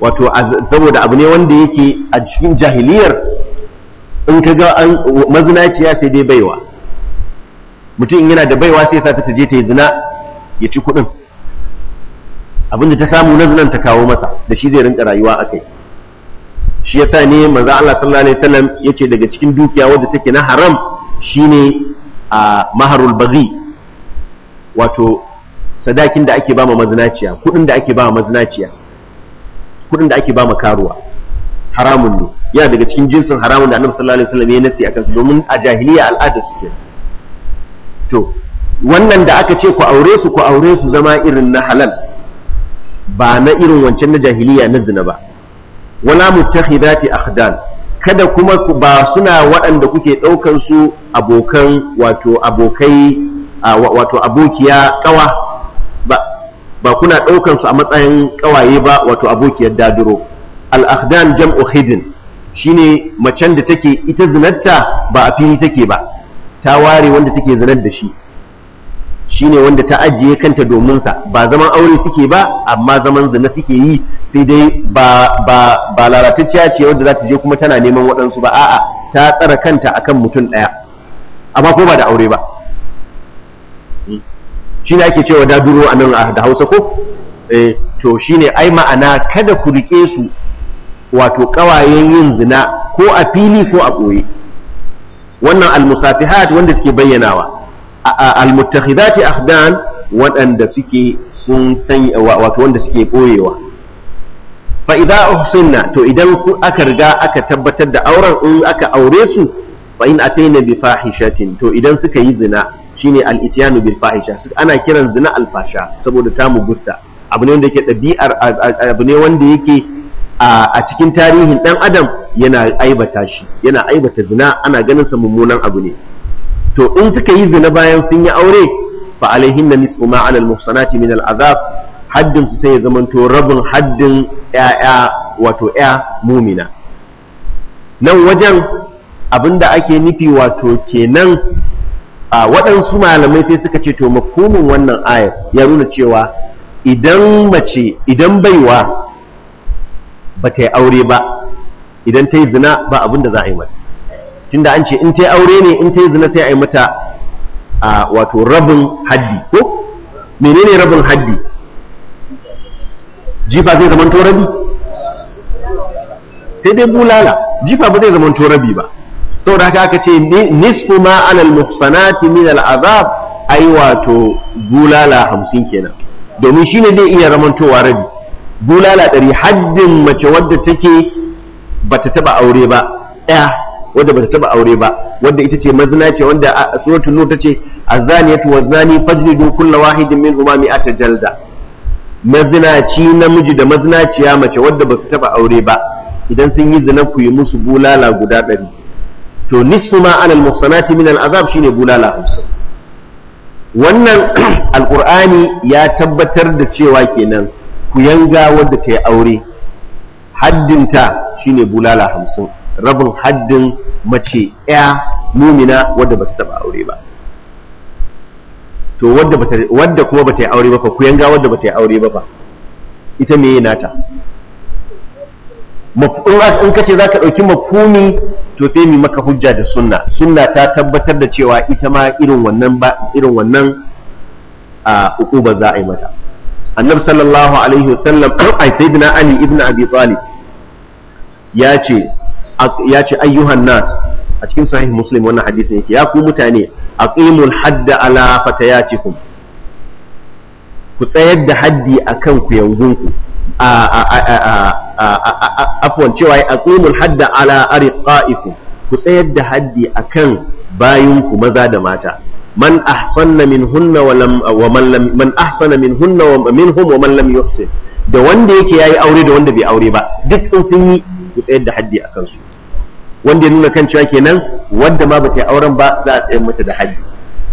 wato saboda abu ne wanda yake a cikin jahiliyar in ka ga mazinaciya sai dai baiwa mutum yana da baiwa sai sa ta taje ta yi zina ya ci kuɗin abinda ta samu na zinan ta kawo masa da shi zai rinka rayuwa a kai shi yasa ne manzo Allah sallallahu alaihi wasallam yace daga cikin dukiya wadda take na haram shine a maharul baghi wato sadakin da ake ba ma mazinaciya kuɗin da ake ba ma mazinaciya kuɗin da ake ba karuwa haramun ne yana daga cikin jinsin haramun da annabi sallallahu alaihi wasallam ya nasi akan su domin a jahiliya al'ada suke to wannan da aka ce ku aure su ku aure su zama irin na halal ba na irin wancan na jahiliya na zina ba wala mutakhidati akhdan kada kuma ba suna waɗanda kuke ɗaukan su abokan wato abokai wato abokiya ƙawa ba kuna ɗaukan su a matsayin ƙawaye ba wato abokiyar dadiro al Jam jam'u shi shine macen da take ita zinarta ba a fili take ba ta ware wanda take zinar da shi shine wanda ta ajiye kanta domin sa ba zaman aure suke ba amma zaman zina suke yi sai dai ba ba lalatacciya ce wanda za ta je kuma tana neman waɗansu ba a'a ta tsara kanta akan mutum ɗaya amma ko ba da aure ba shi ne ake cewa daduro a nan da hausa ko eh, to shi ne ai ma'ana kada ku rike su wato ƙawayen yin zina ko a fili ko a ɓoye wannan almusafihat wanda suke bayyanawa almuttakhidati ahdan waɗanda suke sun sanya wato wanda suke ɓoyewa fa idza uhsinna to idan ku aka riga aka tabbatar da auren in aka aure su fa in ataina bi fahishatin to idan suka yi zina shine al-ityanu bil fahisha ana kiran zina alfasha saboda ta gusta abu ne wanda yake ɗabi'ar abu ne wanda yake a cikin tarihin ɗan adam yana aibata shi yana aibata zina ana ganin sa mummunan abu ne to in suka yi zina bayan sun yi aure fa alaihin na nisfu ma alal muhsanati min azab haddin su sai ya zamanto rabin haddin ya'ya wato ya mumina nan wajen abinda ake nufi wato kenan a waɗansu malamai sai suka ce to mafhumin wannan ayar ya nuna cewa idan mace idan baiwa ba ta yi aure ba idan ta yi zina ba abin da za a yi mata tunda an ce in ta yi aure ne in ta yi zina sai a yi mata a wato rabin haddi ko menene rabin haddi jifa zai zama rabi sai dai bulala jifa ba zai zama rabi ba saboda haka aka ce nisfu ma alal muhsanati min al azab ai wato bulala hamsin kenan domin shine zai iya ramantowa rabi bulala ɗari haddin mace wadda take bata taba aure ba ɗaya wadda bata taba aure ba wadda ita ce mazina ce wanda suratul nur tace azaniyatu waznani fajlidu kullu wahidin minhuma mi'ata jalda mazinaci namiji da mazinaciya mace wadda ba su taba aure ba idan sun yi zina ku yi musu bulala guda ɗari to nisfu ma alal muhsanati min al azab shine bulala hamsin wannan alqur'ani ya tabbatar da cewa kenan ku yanga wanda ta yi aure haddinta shine bulala hamsin rabin haddin mace ya mumina wadda ba ta taba aure ba to wadda kuma ba ta yi aure ba fa ku yanga wadda ba ta yi aure ba fa ita me nata in ka ce za ka ɗauki mafumi to sai mu maka hujja da sunna sunna ta tabbatar da cewa ita ma irin wannan ba a za a yi mata annabi sallallahu alaihi wasallam ai sayyidina ali ibn abi talib ya ce ayyuhan nas a cikin sahih muslim wannan hadisin yake ya ku mutane aqimul hadda ala fatayatikum ku tsayar da haddi akan ku yangunku afwan cewa ya aqumul hadda ala ariqaikum ku tsayar da haddi akan bayinku maza da mata man ahsanna minhunna wa lam wa man lam man ahsana hunna wa minhum wa man lam yuhsin da wanda yake yayi aure da wanda bai aure ba duk in sun yi ku tsayar da haddi akan su wanda ya nuna kan cewa kenan wanda ma bata yi auren ba za a tsayar mata da haddi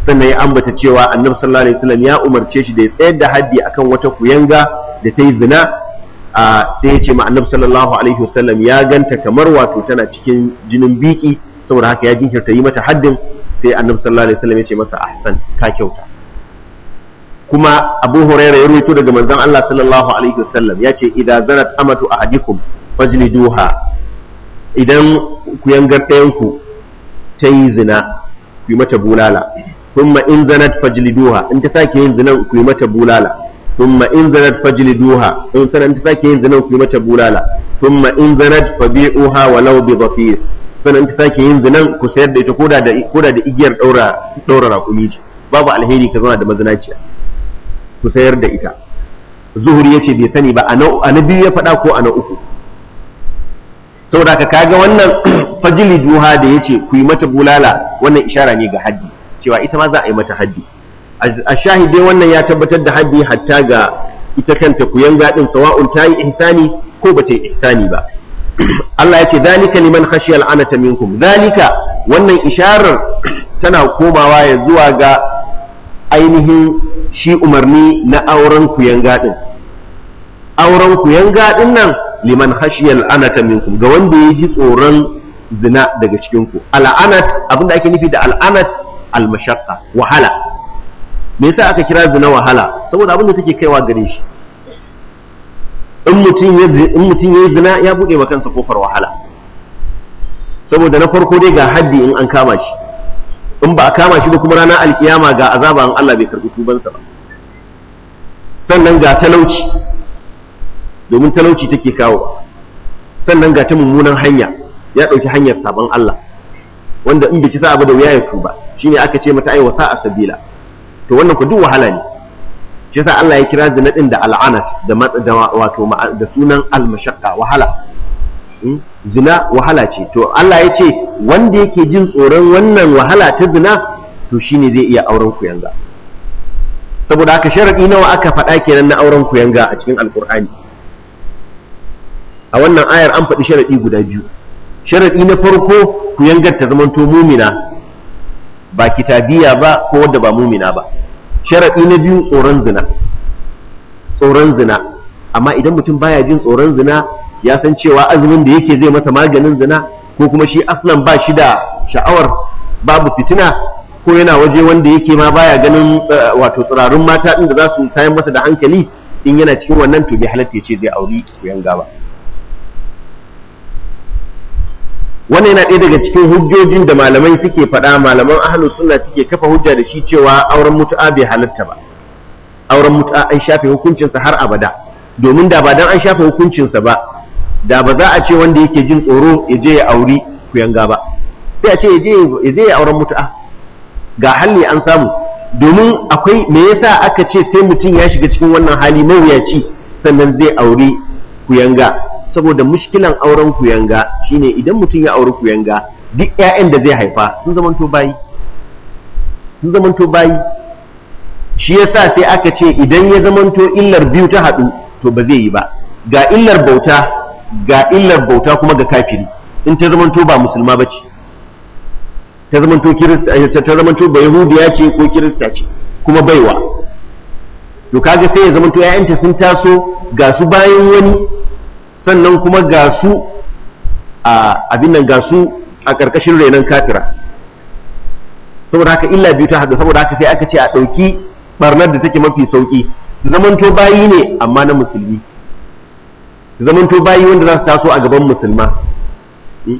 sannan ya ambata cewa annabi sallallahu alaihi wasallam ya umarce shi da ya tsayar da haddi akan wata kuyanga da ta yi zina sai ya ce ma sallallahu alaihi wasallam ya ganta kamar wato tana cikin jinin biki saboda haka ya jinkirta yi mata haddin sai annabi sallallahu alaihi wasallam ya ce masa ahsan ka kyauta kuma abu huraira ya ruwaito daga manzon Allah sallallahu alaihi wasallam ya ce idan zanat amatu ahadikum fajliduha idan ku yangar ɗayan ku ta yi zina ku yi mata bulala thumma in zanat fajliduha in ta sake yin zinan ku yi mata bulala thumma in zanat fajliduha in sanan sake yin zina ku mata bulala thumma in zanat fabi'uha walau bi dhafir sanan sake yin zinan ku sayar da ita koda da igiyar daura daura babu alheri ka zauna da mazinaciya ku sayar da ita zuhuri yace bai sani ba a na biyu ya faɗa ko a na uku saboda ka kaga wannan fajili duha da yace kuyi mata bulala wannan ishara ne ga haddi cewa itama ma za a yi mata haddi a shahide wannan ya tabbatar da haddi hatta ga ita kanta kuyanga din sawa'un ta yi ihsani ko ba ta yi ihsani ba Allah ya ce zalika liman khashiya al'anata minkum zalika wannan isharar tana komawa ya zuwa ga ainihin shi umarni na auren kuyanga din auren kuyan din nan liman khashiya al'anata minkum ga wanda ya ji tsoron zina daga cikin ku al'anat abinda ake nufi da al'anat al-mashaqqa wahala me yasa aka kira zina wahala saboda abin da take kaiwa gare shi in mutum ya in mutum ya zina ya bude wa kansa kofar wahala saboda na farko dai ga haddi in an kama shi in ba a kama shi ba kuma ranar alkiyama ga azaban Allah bai karbi tubansa ba sannan ga talauci domin talauci take kawo sannan ga ta mummunan hanya ya ɗauki hanyar sabon Allah wanda in ci sa'a ba da wuya ya tuba shine aka ce mata ai wasa a sabila to wannan ku duk wahala ne shi yasa Allah ya kira zina din da al'anat da matsa da wato da sunan al-mashaqqa wahala hmm? zina wahala ce to Allah ya ce wanda yake jin tsoron wannan wahala ta zina to shine zai iya auren ku yanga saboda haka sharadi nawa aka faɗa kenan na auren ku yanga a cikin alkur'ani a wannan ayar an faɗi sharadi guda biyu sharadi na farko ku yangar ta zamanto mumina ba kitabiya ba ko wadda ba mumina ba sharaɗi na biyu tsoron zina tsoron zina amma idan mutum baya jin tsoron zina ya san cewa azumin da yake zai masa maganin zina ko kuma shi aslan ba shi da sha'awar babu fitina ko yana waje wanda yake ma baya ganin eh, wato tsirarun mata ɗin da za su tayar masa da hankali in yana cikin wannan to bai halatta ya ce zai auri ku yanga ba wannan yana ɗaya daga cikin hujjojin da malamai suke faɗa malaman ahlus sunna suke kafa hujja da shi cewa auren mutu'a bai halatta ba auren mutu'a an shafe hukuncinsa har abada domin da ba dan an shafe hukuncinsa ba da ba za a ce wanda yake jin tsoro ya je ya auri kuyanga ba sai a ce ya je ya auren mutu'a ga halli an samu domin akwai me yasa aka ce sai mutum ya shiga cikin wannan hali mawuyaci sannan zai auri kuyanga saboda mushkilan auren kuyanga shine idan mutum ya auri kuyanga duk ƴaƴan da zai haifa sun zamanto bayi sun zamanto bayi shi yasa sai aka ce idan ya zamanto illar biyu ta hadu to ba zai yi ba ga illar bauta ga illar bauta kuma ga kafiri in ta zamanto ba musulma bace ta zamanto kirista eh, ta zamanto ba yahudiya ce ko kirista ce kuma baiwa to kaga sai ya zamanto ƴaƴanta sun taso ga su bayan wani sannan kuma Gasu, su a abin nan ga a ƙarƙashin renon kafira saboda haka illa biyu ta haɗu saboda haka sai aka ce a ɗauki ɓarnar da take mafi sauƙi su zamanto bayi ne amma na musulmi su zamanto bayi wanda za su taso a gaban musulma hmm?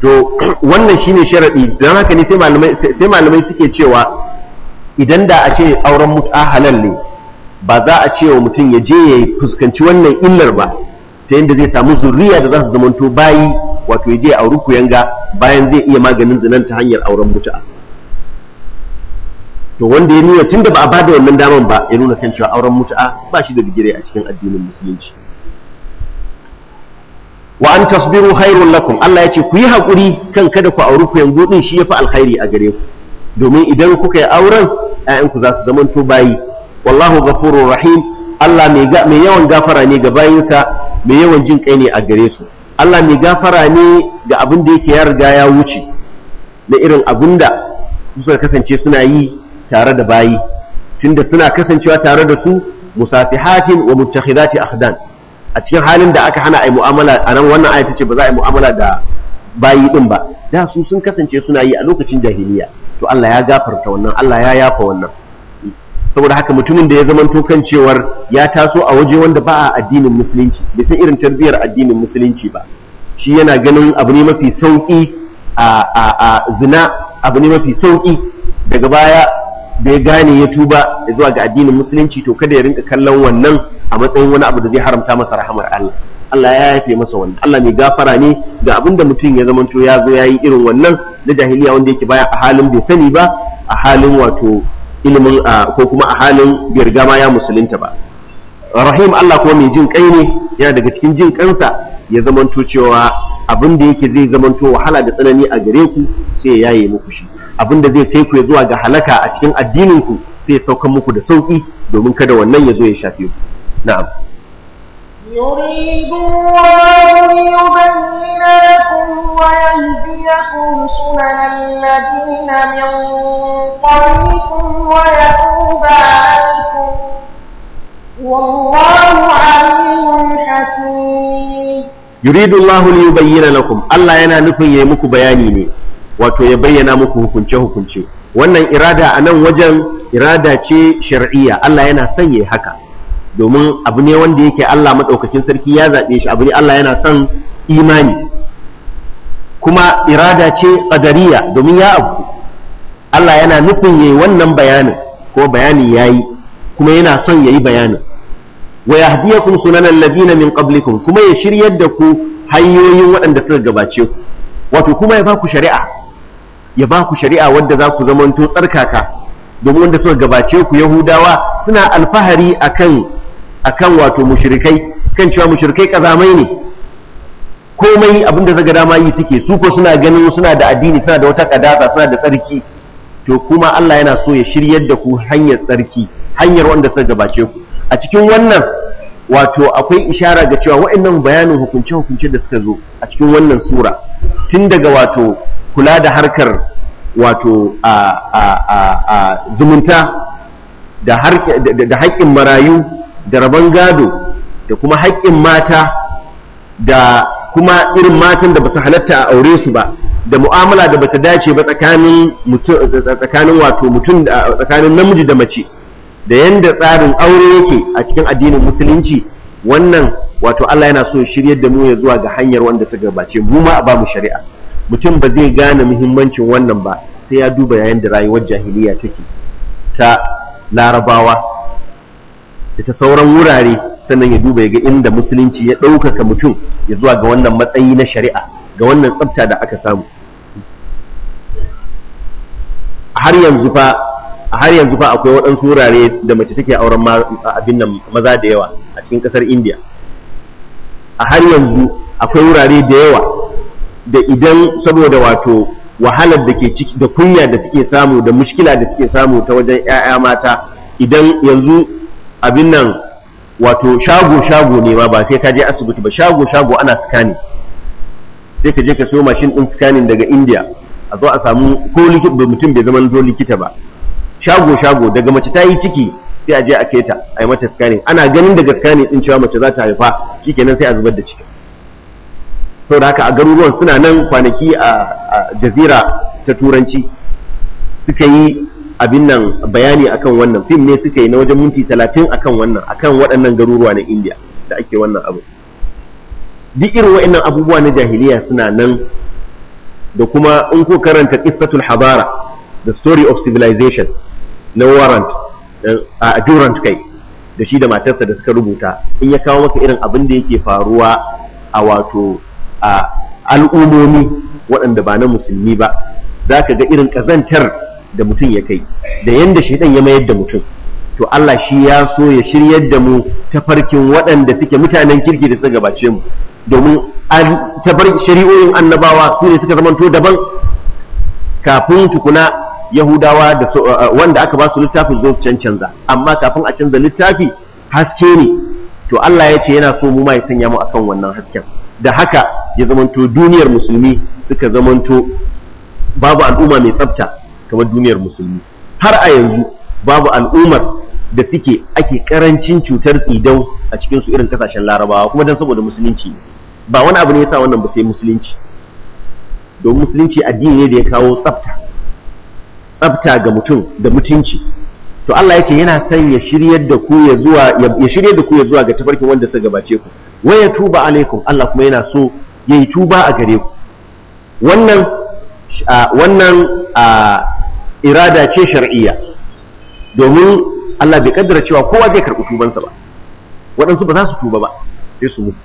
to wannan shi ne sharaɗi don haka ne sai malamai suke cewa idan da a ce auren mutu'a halal ne ba za a ce wa mutum ya je ya fuskanci wannan illar ba ta yadda zai samu zuriya da za su zamanto bayi wato ya je a auri yanga bayan zai iya maganin zinan ta hanyar auren mutu'a to wanda ya nuna tun da ba a bada wannan daman ba ya nuna kan cewa auren mutu'a ba shi da bigire a cikin addinin musulunci wa an tasbiru khairun lakum Allah ya ce ku yi hakuri kan kada ku auri kuyangu din shi yafi alkhairi a gare ku domin idan kuka yi auren ƴaƴanku za su zamanto bayi wallahu ghafurur rahim Allah mai yawan gafara ne ga bayinsa mai yawan jin kai ne a gare su Allah mai gafara ne ga abin da yake ya riga ya wuce na irin abin da suka kasance suna yi tare da bayi tunda suna kasancewa tare da su musafihatin wa muttakhidati ahdan a cikin halin da aka hana ai mu'amala a nan wannan ayata ce ba za a yi mu'amala da bayi din ba da su sun kasance suna yi a lokacin jahiliya to Allah ya gafarta wannan Allah ya yafa wannan saboda haka mutumin da ya zamanto kan cewar ya taso a waje wanda ba a addinin musulunci bai san irin tarbiyyar addinin musulunci ba shi yana ganin abu ne mafi sauki a zina abu ne mafi sauki daga baya da ya gane ya tuba zuwa ga addinin musulunci to kada ya rinka kallon wannan a matsayin wani abu da zai haramta masa rahamar Allah Allah ya haife masa wannan Allah mai gafara ne ga abin da mutum ya zamanto ya zo ya yi irin wannan na jahiliya wanda yake baya a halin bai sani ba a halin wato ilimin ko kuma a halin biyar ya musulunta ba rahim Allah kuma mai jin kai ne yana daga cikin jin kansa ya zamanto cewa abin da yake zai zamanto wahala da tsanani a gare ku sai ya yaye muku shi abin da zai kai ku ya zuwa ga halaka a cikin addinin ku sai ya saukan muku da sauki domin kada wannan ya zo ya shafe ku na'am يريد الله ليبين لكم ويهديكم سنن الذين من قبلكم ويتوب عليكم والله عليم حكيم يريد الله ليبين لكم الله yana nufin ya yi muku bayani ne wato ya bayyana muku hukunce hukunce wannan irada a nan wajen irada ce shar'iyya Allah yana son yayi haka domin abu ne wanda yake Allah maɗaukakin sarki ya zaɓe shi abu ne Allah yana son imani kuma irada ce ƙadariya domin ya abu Allah yana nufin yayi wannan bayanin ko bayanin yi, kuma yana son ya yi bayanin wa kun sunanan ladina min ƙablikun kuma ya shiryar da ku hanyoyin waɗanda suka gabace ku wato kuma ya baku shari'a ya baku shari'a wadda za ku zamanto tsarkaka domin wanda suka gabace ku yahudawa suna alfahari akan akan wato mushrikai kan cewa mushrikai kazamai ne komai abinda zaga dama yi suke su ko suna ganin suna da addini suna da wata kadasa suna da tsarki to kuma Allah yana so ya shiryar da ku hanyar tsarki hanyar wanda suka gabace ku a cikin wannan wato akwai ishara ga cewa waɗannan bayanin hukunce-hukunce da suka zo a cikin wannan sura tun daga wato kula da harkar wato a zumunta da haƙƙin marayu da rabon gado da kuma haƙƙin mata da kuma irin matan da ba su halatta a aure su ba da mu'amala da bata dace ba tsakanin wato mutum da tsakanin namiji da mace da yadda tsarin aure yake a cikin addinin musulunci wannan wato Allah yana so shiryar da mu ya zuwa ga hanyar wanda suka gabace mu ma a bamu shari'a mutum ba zai gane muhimmancin wannan ba sai ya duba yayin da rayuwar jahiliya take ta larabawa da ta sauran wurare sannan ya duba ya ga inda musulunci ya ɗaukaka mutum ya zuwa ga wannan matsayi na shari'a ga wannan tsafta da aka samu A har yanzu fa akwai waɗansu wurare da mace take auren abin nan maza da yawa a cikin ƙasar indiya a har yanzu akwai wurare da yawa da idan saboda wato wahalar da ke ciki da kunya da suke samu da mushkila da suke samu ta wajen 'ya'ya mata idan yanzu abin nan wato shago shago ne ma ba sai ka je asibiti ba shago shago ana scanning sai ka je ka siyo mashin din scanning daga India a zo a samu ko mutum bai zama dole likita ba shago shago daga mace ta yi ciki sai a je a keta a yi mata scanning ana ganin daga scanning din cewa mace za ta haifa shikenan sai a zubar da ciki da haka a garuruwan suna nan kwanaki a jazira ta turanci suka yi abin nan bayani akan wannan fim ne suka yi na wajen minti talatin akan wannan akan waɗannan garuruwa na indiya da ake wannan abu duk irin waɗannan abubuwa na jahiliya suna nan da kuma in ko karanta qissatul habara the story of civilization na warrant eh, a durant kai da shi da matarsa da suka rubuta in ya kawo maka irin abin da yake faruwa a wato a al'umomi waɗanda ba na musulmi ba za ka ga irin ƙazantar da mutum ya kai da yanda shaidan ya mayar da mutum to Allah shi ya so ya shiryar da mu farkin waɗanda suke mutanen kirki da suka gabace mu domin shari'o'in annabawa su ne suka zamanto daban kafin tukuna yahudawa da uh, uh, wanda aka ba su littafin zo su cancanza amma kafin a canza littafi haske ne to Allah ya ce yana so mu ma ya sanya mu akan wannan hasken da haka ya zamanto duniyar musulmi suka zamanto babu al'umma mai tsafta kamar duniyar musulmi har a yanzu babu al'ummar da suke ake karancin cutar tsidau a cikin su irin kasashen larabawa kuma dan saboda musulunci ba wani abu ne yasa wannan ba sai musulunci don musulunci addini ne da ya kawo tsafta tsafta ga mutum da mutunci to Allah ya ce yana son ya shiryar da ku ya zuwa ya shiryar da ku ya zuwa ga tafarkin wanda suka gabace ku wa ya tuba alaikum Allah kuma yana so yayi tuba a gare ku wannan wannan irada ce shar'iyya domin Allah bai kaddara cewa kowa zai karɓi tubansa ba waɗansu ba za su tuba ba sai su mutu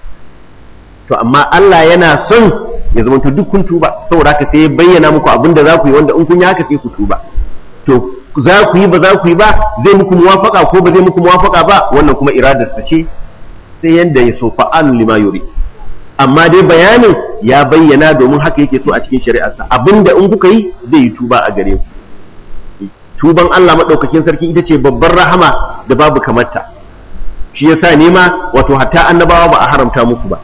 to amma Allah yana son ya to duk kun tuba saboda haka sai ya bayyana muku abin da za ku yi wanda in kun yi haka sai ku tuba to za ku yi ba za ku yi ba zai muku muwafaka ko ba zai muku muwafaka ba wannan kuma iradarsa ce sai yanda ya so fa'alu lima yuri amma dai bayanin ya bayyana domin haka yake so a cikin shari'arsa abinda in kuka yi zai yi tuba a gare ku tuban Allah maɗaukakin sarki ita ce babbar rahama da babu kamarta shi ya sa nema wato hatta annabawa ba a haramta musu ba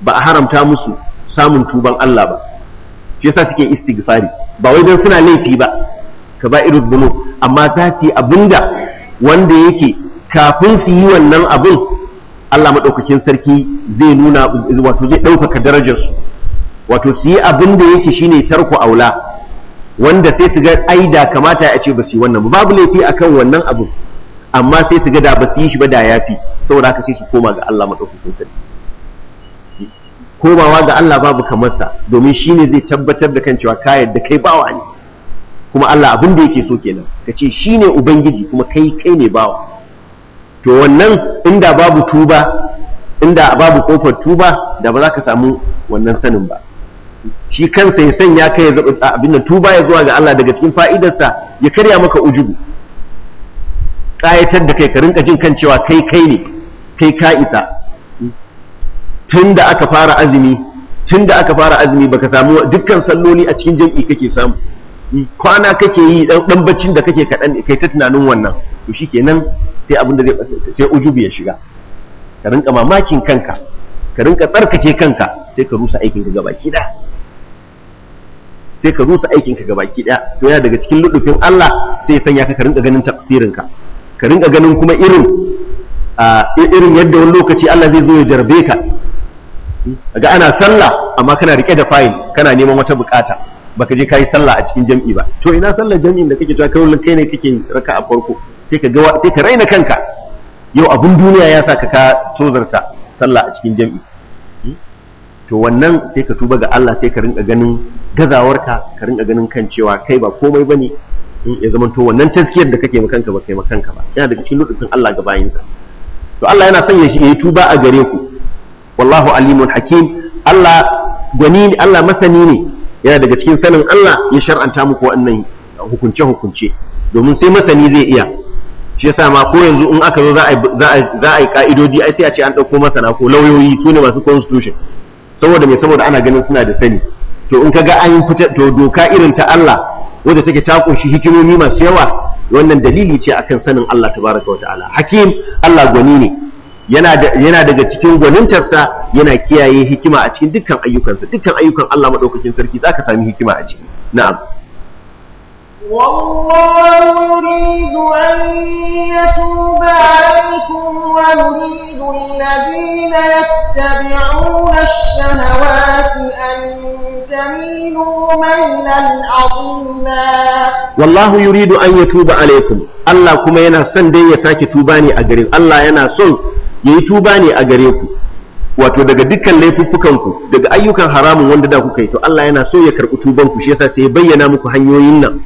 ba a haramta musu samun tuban Allah ba shi ya sa suke istighfari ba wai don suna laifi ba ka ba irin bulu amma za su yi abinda wanda yake kafin su yi wannan abin Allah maɗaukakin sarki zai nuna wato zai ɗaukaka darajarsu wato su yi abin da yake shine tarko aula wanda sai su ga aida kamata ya ce ba su yi wannan babu laifi a kan wannan abu amma sai su ga da ba su yi shi ba da ya yafi saboda haka sai su koma ga Allah madaukakin sani komawa ga Allah babu kamar sa domin ne zai tabbatar da kan cewa ka da kai bawa ne kuma Allah abin da yake so kenan ka ce shi ne ubangiji kuma kai kai ne bawa to wannan inda babu tuba inda babu kofar tuba da ba za ka samu wannan sanin ba shi kansa ya sanya kai ya zaɓi abin tuba ya zuwa ga Allah daga cikin fa'idarsa ya karya maka ujugu. ƙayatar da kai ka rinka jin kan cewa kai kai ne kai ka isa tun da aka fara azumi tun da aka fara azumi baka samu dukkan salloli a cikin jam'i kake samu kwana kake yi dan baccin da kake kaɗan kai ta tunanin wannan to shikenan sai abin da zai sai ya shiga ka rinka mamakin kanka ka rinka tsarkake kanka sai ka rusa aikin ka gaba ki sai ka rusa aikin ka gabaki daya to yana daga cikin ludufin Allah sai ya sanya ka ka rinka ganin tafsirin ka rinka ganin kuma irin irin yadda wani lokaci Allah zai zo ya jarbe ka ga ana sallah amma kana rike da fayil kana neman wata bukata baka je kai sallah a cikin jam'i ba to ina sallar jam'in da kake cewa kai wannan kai ne kake raka a farko sai ka ga sai ka raina kanka yau abun duniya ya saka ka tozarta sallah a cikin jam'i to wannan sai ka tuba ga Allah sai ka rinka ganin gazawarka ka rinka ganin kan cewa kai ba komai bane ya zama to wannan taskiyar da kake makanka ba kai makanka ba yana daga cikin lutsin Allah ga bayinsa to Allah yana sanya ya yi tuba a gare ku wallahu alimun hakim Allah gwani Allah masani ne yana daga cikin sanin Allah ya shar'anta muku wannan hukunce hukunce domin sai masani zai iya shi yasa ma ko yanzu in aka zo za a yi ka'idodi ai sai a ce an ɗauko masana ko lauyoyi su ne masu constitution saboda mai saboda ana ganin suna da sani to in kaga an fita to doka irin ta Allah wadda take ta kunshi hikimomi masu yawa wannan dalili ce akan sanin Allah tabaraka wa ta'ala hakim Allah gwani ne yana yana daga cikin gwanintarsa yana kiyaye hikima a cikin dukkan ayyukansa dukkan ayyukan Allah madaukakin sarki zaka sami hikima a ciki na'am والله يريد أن يتوب عليكم ويريد الذين يتبعون الشهوات أن تميلوا ميلا عظيما والله يريد أن يتوب عليكم الله كما ينا سن دي توباني أجريك الله ينا سن يتوباني أجريكم wato daga dukkan laifuffukanku daga ayyukan haramun wanda da kuka yi to Allah yana so ya karɓi tubanku shi yasa sai ya bayyana muku hanyoyin nan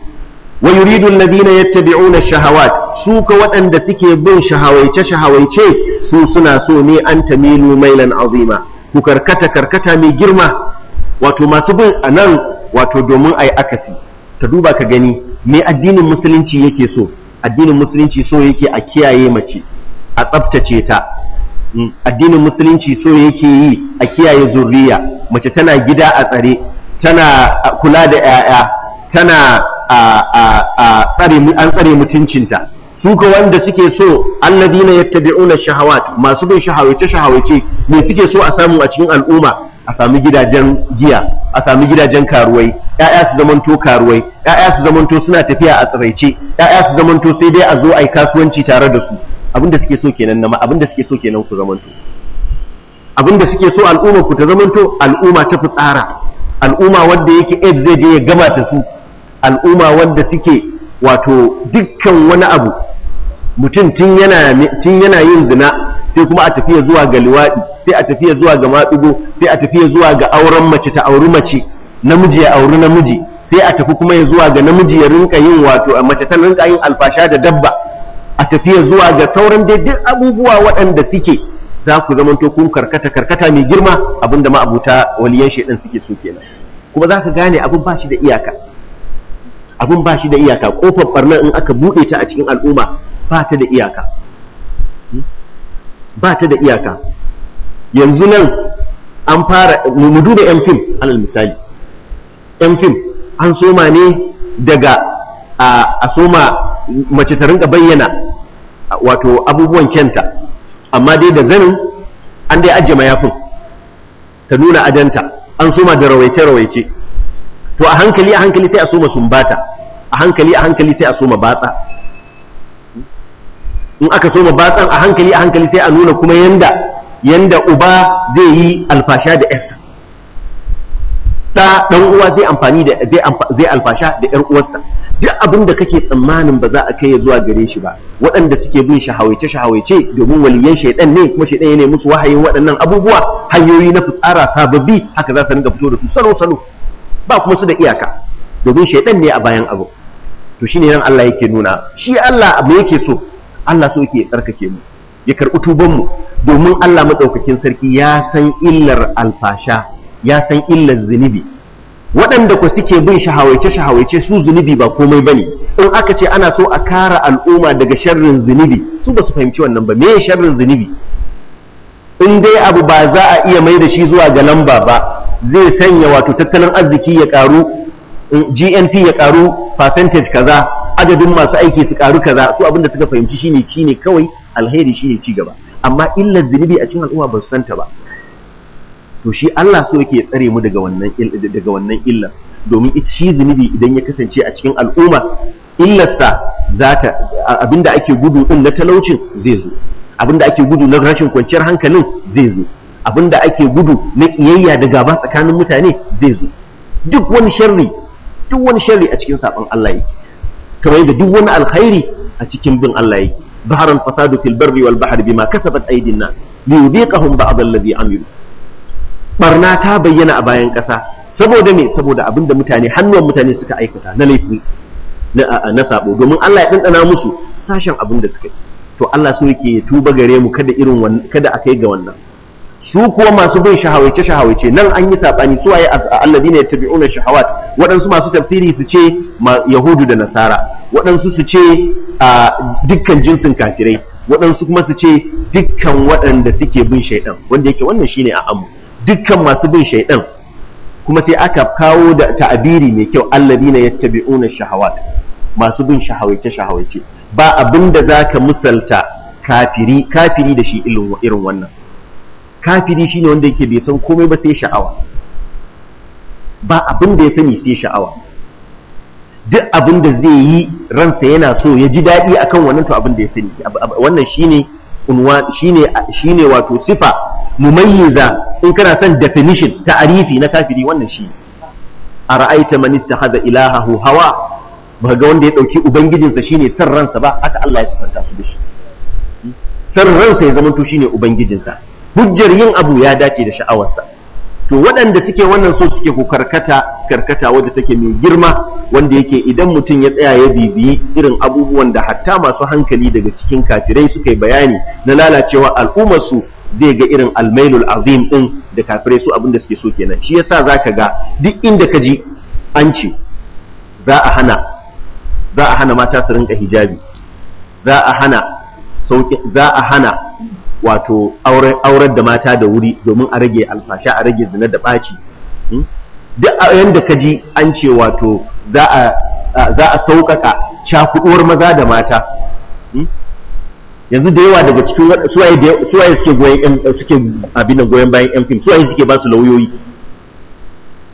wa yuridu alladhina yattabi'una shahawat su ka waɗanda suke bin shahawaice shahawaice su suna so ne an tamilu mailan azima ku karkata karkata mai girma wato masu bin anan wato domin ai akasi Ta duba ka gani me addinin musulunci yake so addinin musulunci so yake a kiyaye mace a tsaftace ta mm, addinin musulunci so yake yi a kiyaye zurriya mace tana gida a tsare tana kula da 'ya'ya tana an tsare mutuncinta su ka wanda suke so alladina yattabi'una shahawat masu bin shahawace shahawace me suke so a samu a cikin al'umma a sami gidajen giya a sami gidajen karuwai ya'ya su zamanto karuwai ya'ya su zamanto suna tafiya a tsiraice ya'ya su zamanto sai dai a zo ai kasuwanci tare da su abinda suke so kenan nama abinda suke so kenan ku zamanto abinda suke so al'umma ku ta zamanto al'umma ta fitsara al'umma wanda yake AIDS zai je ya gama ta su al'umma wanda suke wato dukkan wani abu mutum tun yana yin zina sai kuma a tafiya zuwa ga liwaɗi sai a tafiya zuwa ga maɗigo sai a tafiya zuwa ga auren mace ta auri mace namiji ya auri namiji sai a tafi kuma ya zuwa ga namiji ya rinka yin wato mace ta rinka yin alfasha da dabba a tafiya zuwa ga sauran dai duk abubuwa waɗanda suke za ku zamanto kun karkata karkata mai girma abinda ma abuta waliyan shaidan suke so kenan kuma za ka gane abin ba shi da iyaka abin ba shi da iyaka kofar barna in aka buɗe ta a cikin al'umma ba ta da iyaka hmm? ba ta da iyaka yanzu nan an fara mu duba yan fim alal misali yan fim an soma ne daga a soma mace ta rinka bayyana wato abubuwan kenta, amma dai da zanin an dai ajiye mayafin ta nuna adanta an soma da rawaice-rawaice to a hankali a hankali sai a soma sumbata a hankali a hankali sai a soma batsa in aka soma batsan a hankali a hankali sai a nuna kuma yanda yanda uba zai yi alfasha da yarsa ɗan uwa zai amfani da zai alfasha da yar uwarsa duk abin da kake tsammanin ba za a kai zuwa gare shi ba waɗanda suke bin shahawace-shahawace domin waliyan shaidan ne kuma shaidan ya ne musu wahayin waɗannan abubuwa hanyoyi na fitsara sababbi haka za su rinka fito da su salo salo ba kuma su da iyaka domin shaidan ne a bayan abu to shine nan Allah yake nuna shi Allah abu yake so Allah so yake tsarkake mu ya karbi tuban mu domin Allah madaukakin sarki ya san illar alfasha ya san illar zunubi waɗanda ku suke bin shahawaice shahawaice su zunubi ba komai bane in aka ce ana so a kara al'umma daga sharrin zunubi su ba su fahimci wannan ba me sharrin zunubi in dai abu ba za a iya mai da shi zuwa ga lamba ba zai sanya wato tattalin arziki ya karu GNP ya karu percentage kaza adadin masu aiki su karu kaza su abinda suka fahimci shine shine kawai alheri shine ci gaba amma illar zunubi a cikin al'umma ba su santa ba to shi Allah so yake tsare mu daga wannan daga wannan illar domin shi zunubi idan ya kasance a cikin al'umma illarsa za ta abinda ake gudu din na talaucin zai zo abinda ake gudu na rashin kwanciyar hankalin zai zo abinda ake gudu na kiyayya da gaba tsakanin mutane zai zo duk wani sharri duk wani sharri a cikin saban Allah yake kamar yadda duk wani alkhairi a cikin bin Allah yake ظهر الفساد في البر والبحر بما كسبت أيدي الناس ليذيقهم بعض الذي عملوا barna ta bayyana a bayan ƙasa saboda me saboda abinda mutane hannuwan mutane suka aikata na laifi na sabo domin Allah ya dandana musu sashen abin da suka yi to Allah so yake ya tuba gare mu kada irin kada a kai ga wannan su kuwa masu bin shahawace shahawace nan an yi saɓani su waye alladina yattabi'una shahawat waɗansu masu tafsiri su ce yahudu da nasara waɗansu su ce dukkan jinsin kafirai waɗansu kuma su ce dukkan waɗanda suke bin shaidan wanda yake wannan shine a amu dukkan masu bin shaidan kuma sai aka kawo da ta'abiri mai kyau alladina yattabi'una shahawat masu bin shahawace shahawace ba abinda zaka musalta kafiri kafiri da shi irin wannan kafiri shi ne wanda yake bai san komai ba sai sha'awa ba abin da ya sani sai sha'awa duk abin da zai yi ransa yana so ya ji daɗi akan wannan to abin da ya sani wannan shi ne wato sifa mumayyiza in kana son definition ta'arifi na kafiri wannan shi ra'aita ara'aita man ittakhadha ilahahu hawa ba ga wanda ya ɗauki ubangijinsa shi ne san ransa ba haka Allah ya sifanta su da shi hmm? san ransa ya shi ne ubangijinsa hujjar yin abu ya dace da sha'awarsa to waɗanda suke wannan so suke ku karkata karkata wadda take mai girma wanda yake idan mutum ya tsaya ya bibiyi irin abubuwan da hatta masu hankali daga cikin kafirai suka yi bayani na lalacewa al'ummarsu zai ga irin almailul azim din da kafirai su abinda suke so kenan shi yasa zaka ga duk inda ka ji an ce za a hana za a hana mata su rinka hijabi za a hana za a hana wato aurar da mata da wuri domin a rage alfasha a rage zina da ɓaci hmm? duk yadda ka ji an ce wato za a sauƙaƙa cakuɗuwar maza da mata hmm? yanzu da yawa daga cikin suwaye suke goyon suke abin goyon bayan yan fim suwaye suke ba su lauyoyi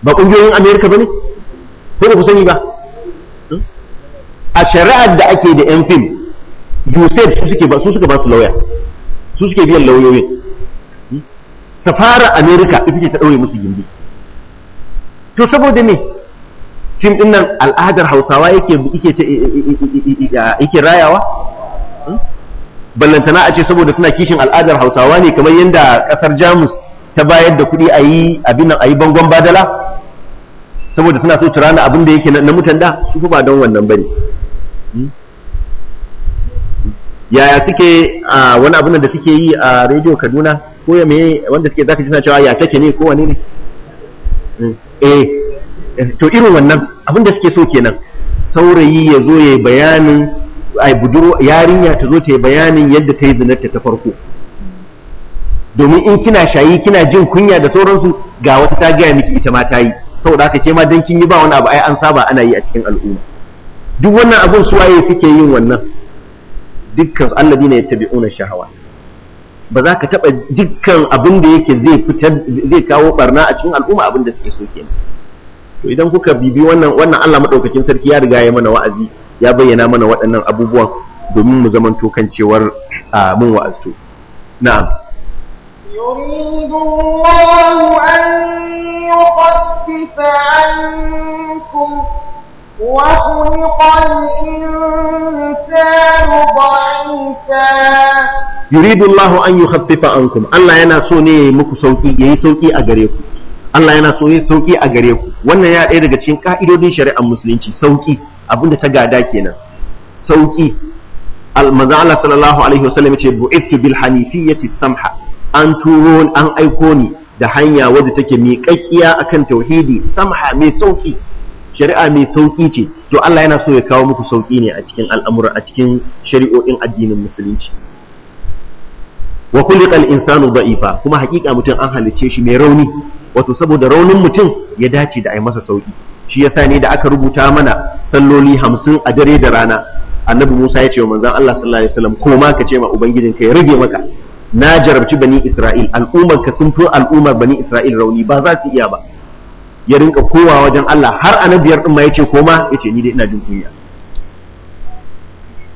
ba ƙungiyoyin amerika ba ne ko da ku sani ba hmm? a shari'ar da ake da yan fim usaid su suke su suka ba su lauya su suke biyan lauyoyin safara Amerika ita ce ta ɗaure musu gindi to saboda me fim ɗin nan al'adar hausawa yake rayawa ballantana a ce saboda suna kishin al'adar hausawa ne kamar yadda ƙasar jamus ta bayar da kuɗi a yi abin nan a yi bangon badala saboda suna so na abin da yake na mutan da su ba don wannan bane hmm? yaya suke a wani abin da suke yi a radio kaduna ko ya mai wanda suke zaka ji suna cewa ya take ne ko wani ne eh, eh to irin wannan abin da suke so kenan saurayi ya zo ya yi bayanin ai buduro yarinya ta zo ta yi bayanin yadda ta yi zinarta ta farko domin in kina shayi kina jin kunya da sauransu ga wata ta gaya miki ita ma ta yi saboda haka ke ma dan kin yi ba wani abu ai an saba ana yi a cikin al'umma duk wannan abun suwaye suke yin wannan dukkan alladina yattabi'una shahawa ba za ka taba dukkan abin da yake zai fitar zai kawo ɓarna a cikin al'umma abin da suke so kenan to idan kuka bibi wannan wannan Allah maɗaukakin sarki ya riga ya mana wa'azi ya bayyana mana waɗannan abubuwan domin mu zamanto kan cewar mun to na'am يريد الله أن يخفف عنكم yuridullahu an ضعيفا يريد الله أن يخفف عنكم الله muku sauki yayi sauki a gare ku Allah yana so yin sauki a gare ku wannan ya ɗaya daga cikin ka'idodin shari'ar musulunci sauki abinda ta gada kenan sauki manzo Allah sallallahu alaihi wasallam yace bu'ithtu bil hanifiyyati samha an turo an aiko ni da hanya wadda take miƙaƙƙiya akan tauhidi samha mai sauki shari'a mai sauki ce to Allah yana so ya kawo muku sauki ne a cikin al'amura a cikin shari'o'in addinin musulunci wa khuliqa al-insanu da'ifa kuma haƙiƙa mutum an halice shi mai rauni wato saboda raunin mutum ya dace da ai masa sauki shi yasa ne da aka rubuta mana salloli 50 a dare da rana annabi Musa ya ce wa manzon Allah sallallahu alaihi wasallam ko ma ka ce ma ubangijinka ya rage maka na jarabci bani Isra'il al'ummar ka sun to al'ummar bani Isra'il rauni ba za su iya ba ya rinka kowa wajen Allah har a na biyar ɗin ma ya ce koma ya ce ni dai ina jin kunya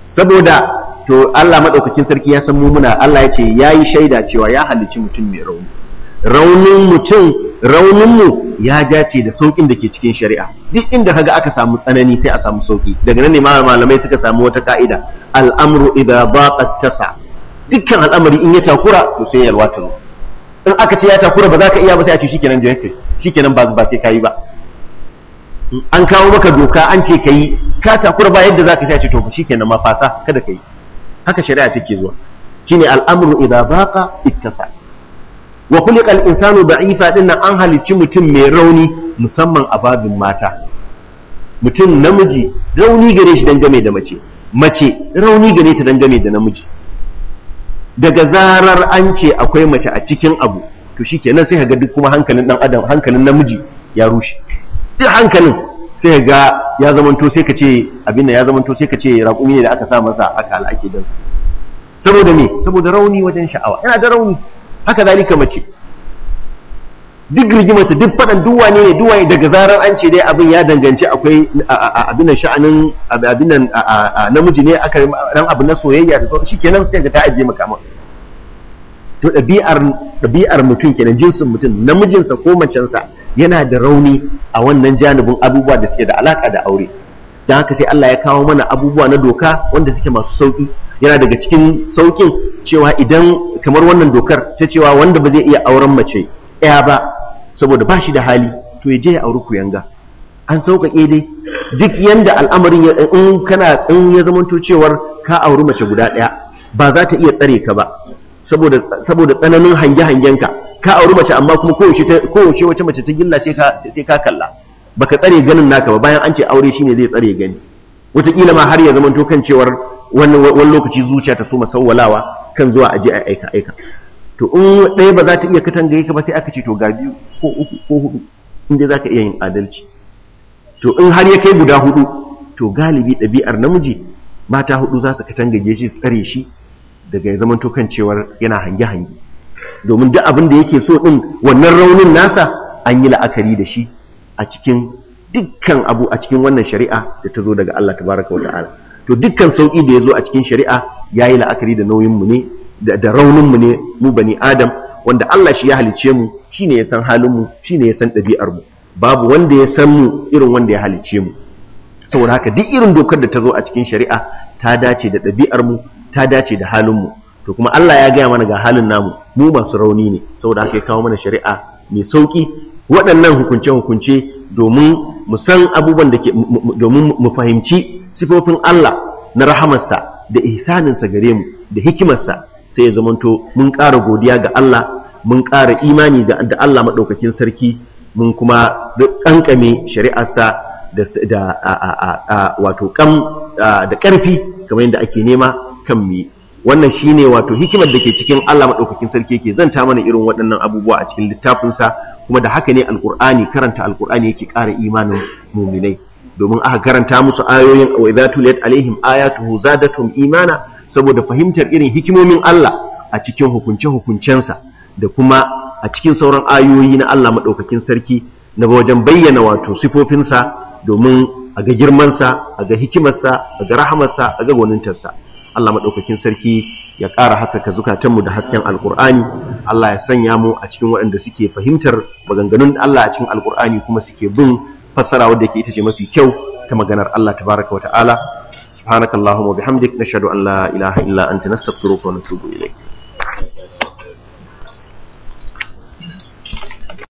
saboda to Allah maɗaukakin sarki ya san mu muna Allah ya ce ya yi shaida cewa ya halicci mutum mai rauni raunin mutum raunin mu ya jace da saukin da ke cikin shari'a duk inda kaga aka samu tsanani sai a samu sauki daga nan ne malamai suka samu wata ka'ida al'amru idza baqat tasa dukkan al'amari in ya takura to sai yalwatu in aka ce ya takura ba za ka iya ba sai a ce shikenan je kai shikenan ba ba sai yi ba an kawo maka doka an ce ka yi ka takura ba yadda za ka sai a ce to kenan ma fasa kada ka yi. haka shari'a take zuwa ne al'amuru idan ba ka ittasa wa khuliqa da insanu faɗin nan an halicci mutum mai rauni musamman a babin mata mutum namiji rauni gare shi dangane da mace mace rauni gare ta dangane da namiji daga zarar an ce akwai mace a cikin abu to shi kenan sai ga duk kuma hankalin dan adam hankalin namiji ya rushe duk hankalin sai ga ya zamanto sai ka ce abin da ya zamanto sai ka ce raƙumi ne da aka sa masa aka al'ake jansa saboda me saboda rauni wajen sha'awa yana da rauni haka zalika mace duk rigimata duk faɗan duwa ne duwa daga zarar an ce dai abin ya danganci akwai abin sha'anin abin nan namiji ne aka ran abu na soyayya da sauran kenan sai ga ta aje makaman to ɗabi'ar mutum kenan jinsin mutum namijinsa ko macensa yana da rauni a wannan janibin abubuwa da suke da alaka da aure don haka sai Allah ya kawo mana abubuwa na doka wanda suke masu sauki yana daga cikin saukin cewa idan kamar wannan dokar ta cewa wanda ba zai iya auren mace ɗaya ba saboda ba shi da hali to ya je ya auri ku, yanga. an sauƙaƙe dai duk yanda al'amarin ya in kana tsin ya zamanto cewar ka auri mace guda ɗaya ba za ta iya tsare ka ba saboda saboda tsananin hange-hangenka ka auri mace amma kuma kowace wace mace ta gilla sai ka kalla baka tsare ganin naka ba bayan an ce aure shine zai tsare gani wataƙila ma har ya zamanto kan cewar wani lokaci zuciya ta so masawwalawa kan zuwa aje a aika aika to in ɗaya ba za ta iya katangaye ka ba sai aka ce to ga biyu ko uku ko hudu inda za ka iya yin adalci to in har ya kai guda hudu to galibi ɗabi'ar namiji mata hudu za su katangaje shi tsare shi daga ya zamanto kan cewar yana hange-hange domin duk abin da yake so ɗin wannan raunin nasa an yi la'akari da shi a cikin dukkan abu a cikin wannan shari'a da ta zo daga Allah tabaraka wa ta'ala to dukkan sauƙi da ya zo a cikin shari'a ya yi la'akari da nauyinmu ne da rauninmu ne mu bani adam wanda Allah shi ya halice mu shi ne ya san halinmu shi ne ya san ɗabi'armu babu wanda ya san mu irin wanda ya halice mu saboda haka duk irin dokar da ta zo a cikin shari'a ta dace da ɗabi'armu ta dace da halinmu to kuma Allah ya gaya mana ga halin namu mu masu rauni ne saboda haka ya kawo mana shari'a mai sauki waɗannan hukunce-hukunce domin mu san abubuwan da ke domin mu fahimci sifofin Allah na rahamarsa da ihsaninsa gare mu da hikimarsa sai ya zamanto mun ƙara godiya ga Allah mun ƙara imani da Allah maɗaukakin sarki mun kuma ƙanƙame shari'arsa da wato da ƙarfi kamar yadda ake nema kan mi wannan shine wato hikimar da ke cikin Allah maɗaukakin sarki yake zanta mana irin waɗannan abubuwa a cikin littafinsa kuma da haka ne alƙur'ani karanta alƙur'ani yake ƙara imanin muminai domin aka karanta musu ayoyin wa idza tuliyat alaihim ayatuhu zadatum imana saboda fahimtar irin hikimomin Allah a cikin hukunce-hukuncensa da kuma a cikin sauran ayoyi na Allah maɗaukakin sarki na wajen bayyana wato sifofinsa domin a ga girmansa a ga hikimarsa a ga rahamarsa a ga gwanintarsa Allah maɗaukakin sarki ya ƙara hasaka zukatanmu da hasken Alƙur'ani. Allah ya sanya mu a cikin waɗanda suke fahimtar maganganun Allah a cikin Alƙur'ani, kuma suke bin fassara wadda ke ita ce mafi kyau ta maganar Allah tabaraka wa ta'ala subhanakallahumma bihamdik nashhadu an la ilaha illa anta nastaghfiruka wa natubu ilayk